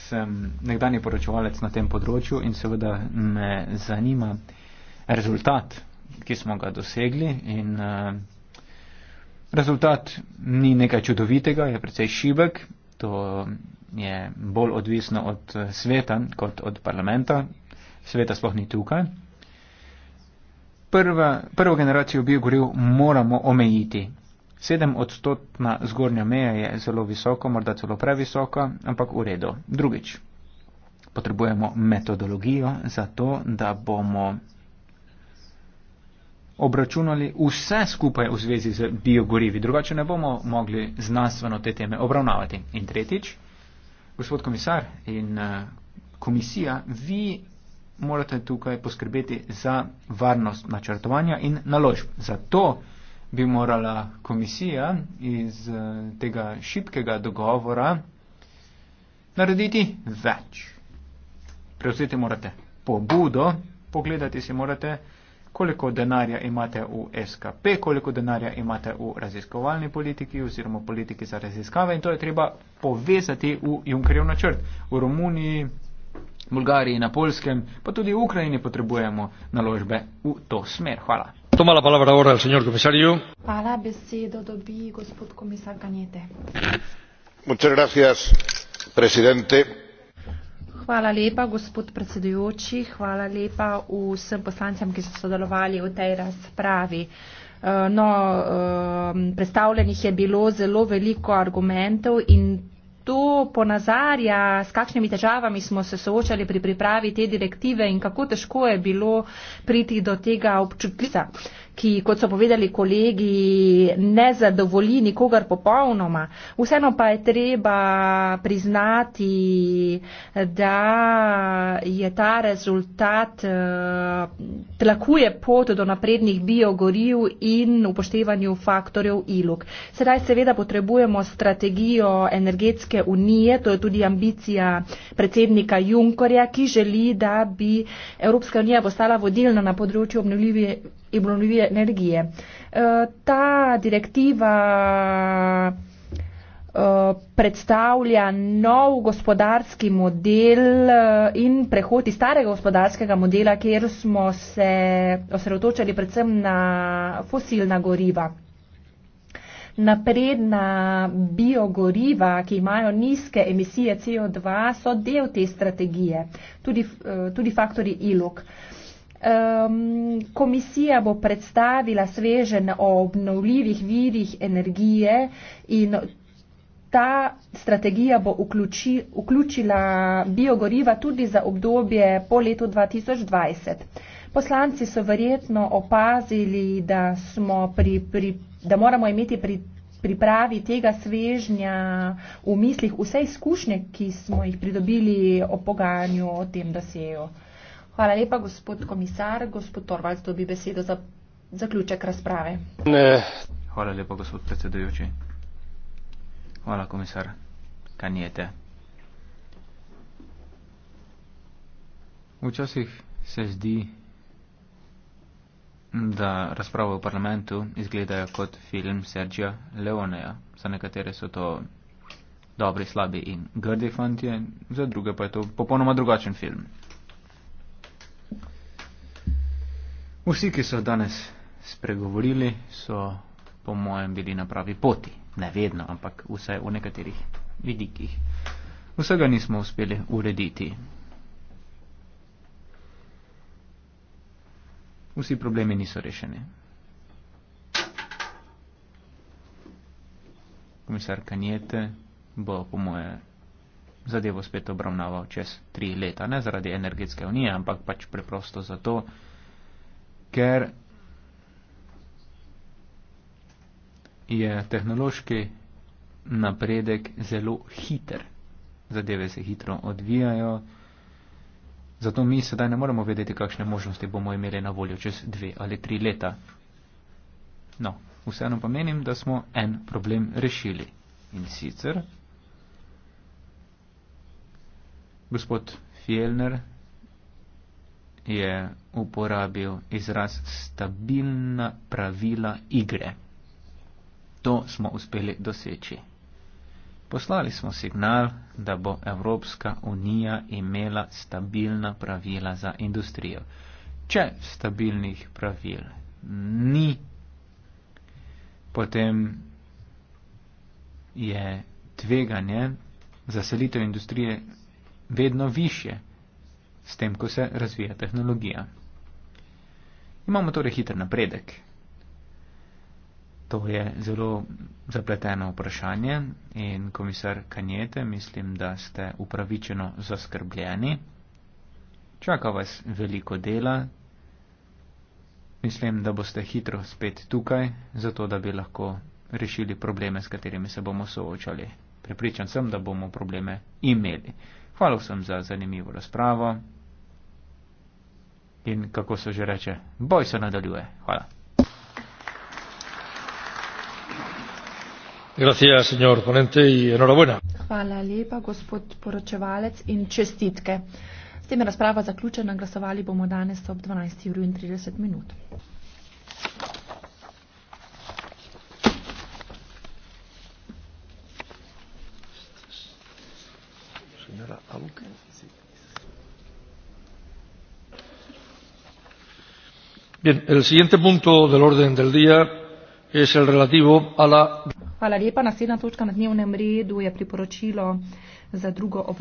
sem nekdani poročevalec na tem področju in seveda me zanima rezultat, ki smo ga dosegli. In, eh, rezultat ni nekaj čudovitega, je precej šibek. To je bolj odvisno od eh, sveta kot od parlamenta. Sveta sploh ni tukaj. Prva, prvo generacijo biogoriv moramo omejiti. Sedem odstotna zgornja meja je zelo visoko, morda celo previsoko, ampak v redu. Drugič, potrebujemo metodologijo za to, da bomo obračunali vse skupaj v zvezi z biogorivi. Drugače ne bomo mogli znanstveno te teme obravnavati. In tretjič, gospod komisar in eh, komisija, vi morate tukaj poskrbeti za varnost načrtovanja in naložb. Zato bi morala komisija iz eh, tega šipkega dogovora narediti več. Prevzeti morate pobudo, pogledati si morate, koliko denarja imate v SKP, koliko denarja imate v raziskovalni politiki oziroma politiki za raziskave in to je treba povezati v Junkerjev načrt. V Romuniji, Bulgariji, na Polskem, pa tudi v Ukrajini potrebujemo naložbe v to smer. Hvala. Toma la palabra ahora el señor comisario. Muchas gracias, presidente. Hvala lepa, gospod predsedujoči. Hvala lepa vsem poslancem, ki so sodelovali v tej razpravi. Eh, no, eh, predstavljenih je bilo zelo veliko argumentov in to ponazarja, s kakšnimi težavami smo se soočali pri pripravi te direktive in kako težko je bilo priti do tega občutljica ki, kot so povedali kolegi, ne zadovolji nikogar popolnoma. Vseeno pa je treba priznati, da je ta rezultat eh, tlakuje pot do naprednih biogoriv in upoštevanju faktorjev ilog. Sedaj seveda potrebujemo strategijo energetske unije, to je tudi ambicija predsednika Junkorja, ki želi, da bi Evropska unija postala vodilna na področju obnovljive energije. E, ta direktiva e, predstavlja nov gospodarski model e, in prehod iz starega gospodarskega modela, kjer smo se osredotočali predvsem na fosilna goriva. Napredna biogoriva, ki imajo nizke emisije CO2, so del te strategije, tudi, tudi faktori ILOK. E, Um, komisija bo predstavila svežen o obnovljivih virih energije in ta strategija bo vključi, vključila biogoriva tudi za obdobje po letu 2020. Poslanci so verjetno opazili, da, smo pri, pri, da moramo imeti pri pripravi tega svežnja v mislih vse izkušnje, ki smo jih pridobili o pogajanju o tem dosejo. Hvala lepa, gospod komisar. Gospod Torvalc dobi besedo za zaključek razprave. Ne. Hvala lepa, gospod predsedujoči. Hvala, komisar Kanjete. Včasih se zdi, da razprave v parlamentu izgledajo kot film Sergija Leoneja. Za nekatere so to dobri, slabi in grdi fantje, za druge pa je to popolnoma drugačen film. Vsi, ki so danes spregovorili, so po mojem bili na pravi poti. Ne vedno, ampak vsaj v nekaterih vidikih. Vsega nismo uspeli urediti. Vsi problemi niso rešeni. Komisar Kanjete bo po moje zadevo spet obravnaval čez tri leta. Ne zaradi energetske unije, ampak pač preprosto zato, ker je tehnološki napredek zelo hiter. Zadeve se hitro odvijajo. Zato mi sedaj ne moremo vedeti, kakšne možnosti bomo imeli na voljo čez dve ali tri leta. No, vseeno pa menim, da smo en problem rešili. In sicer, gospod Fjellner je uporabil izraz stabilna pravila igre. To smo uspeli doseči. Poslali smo signal, da bo Evropska unija imela stabilna pravila za industrijo. Če stabilnih pravil ni, potem je tveganje za selitev industrije vedno više s tem, ko se razvija tehnologija. Imamo torej hiter napredek. To je zelo zapleteno vprašanje in komisar Kanjete, mislim, da ste upravičeno zaskrbljeni. Čaka vas veliko dela. Mislim, da boste hitro spet tukaj, zato da bi lahko rešili probleme, s katerimi se bomo soočali. Pripričan sem, da bomo probleme imeli. Hvala vsem za zanimivo razpravo in kako se že reče, boj se nadaljuje. Hvala. Hvala lepa, gospod poročevalec in čestitke. S tem je razprava zaključena, glasovali bomo danes ob 12. uri in 30 minut. Señora Aluken, sí. Bien, el siguiente punto del orden del día es el relativo a la. Hvala lepa. Naslednja točka na dnevnem redu je priporočilo za drugo obravnavo.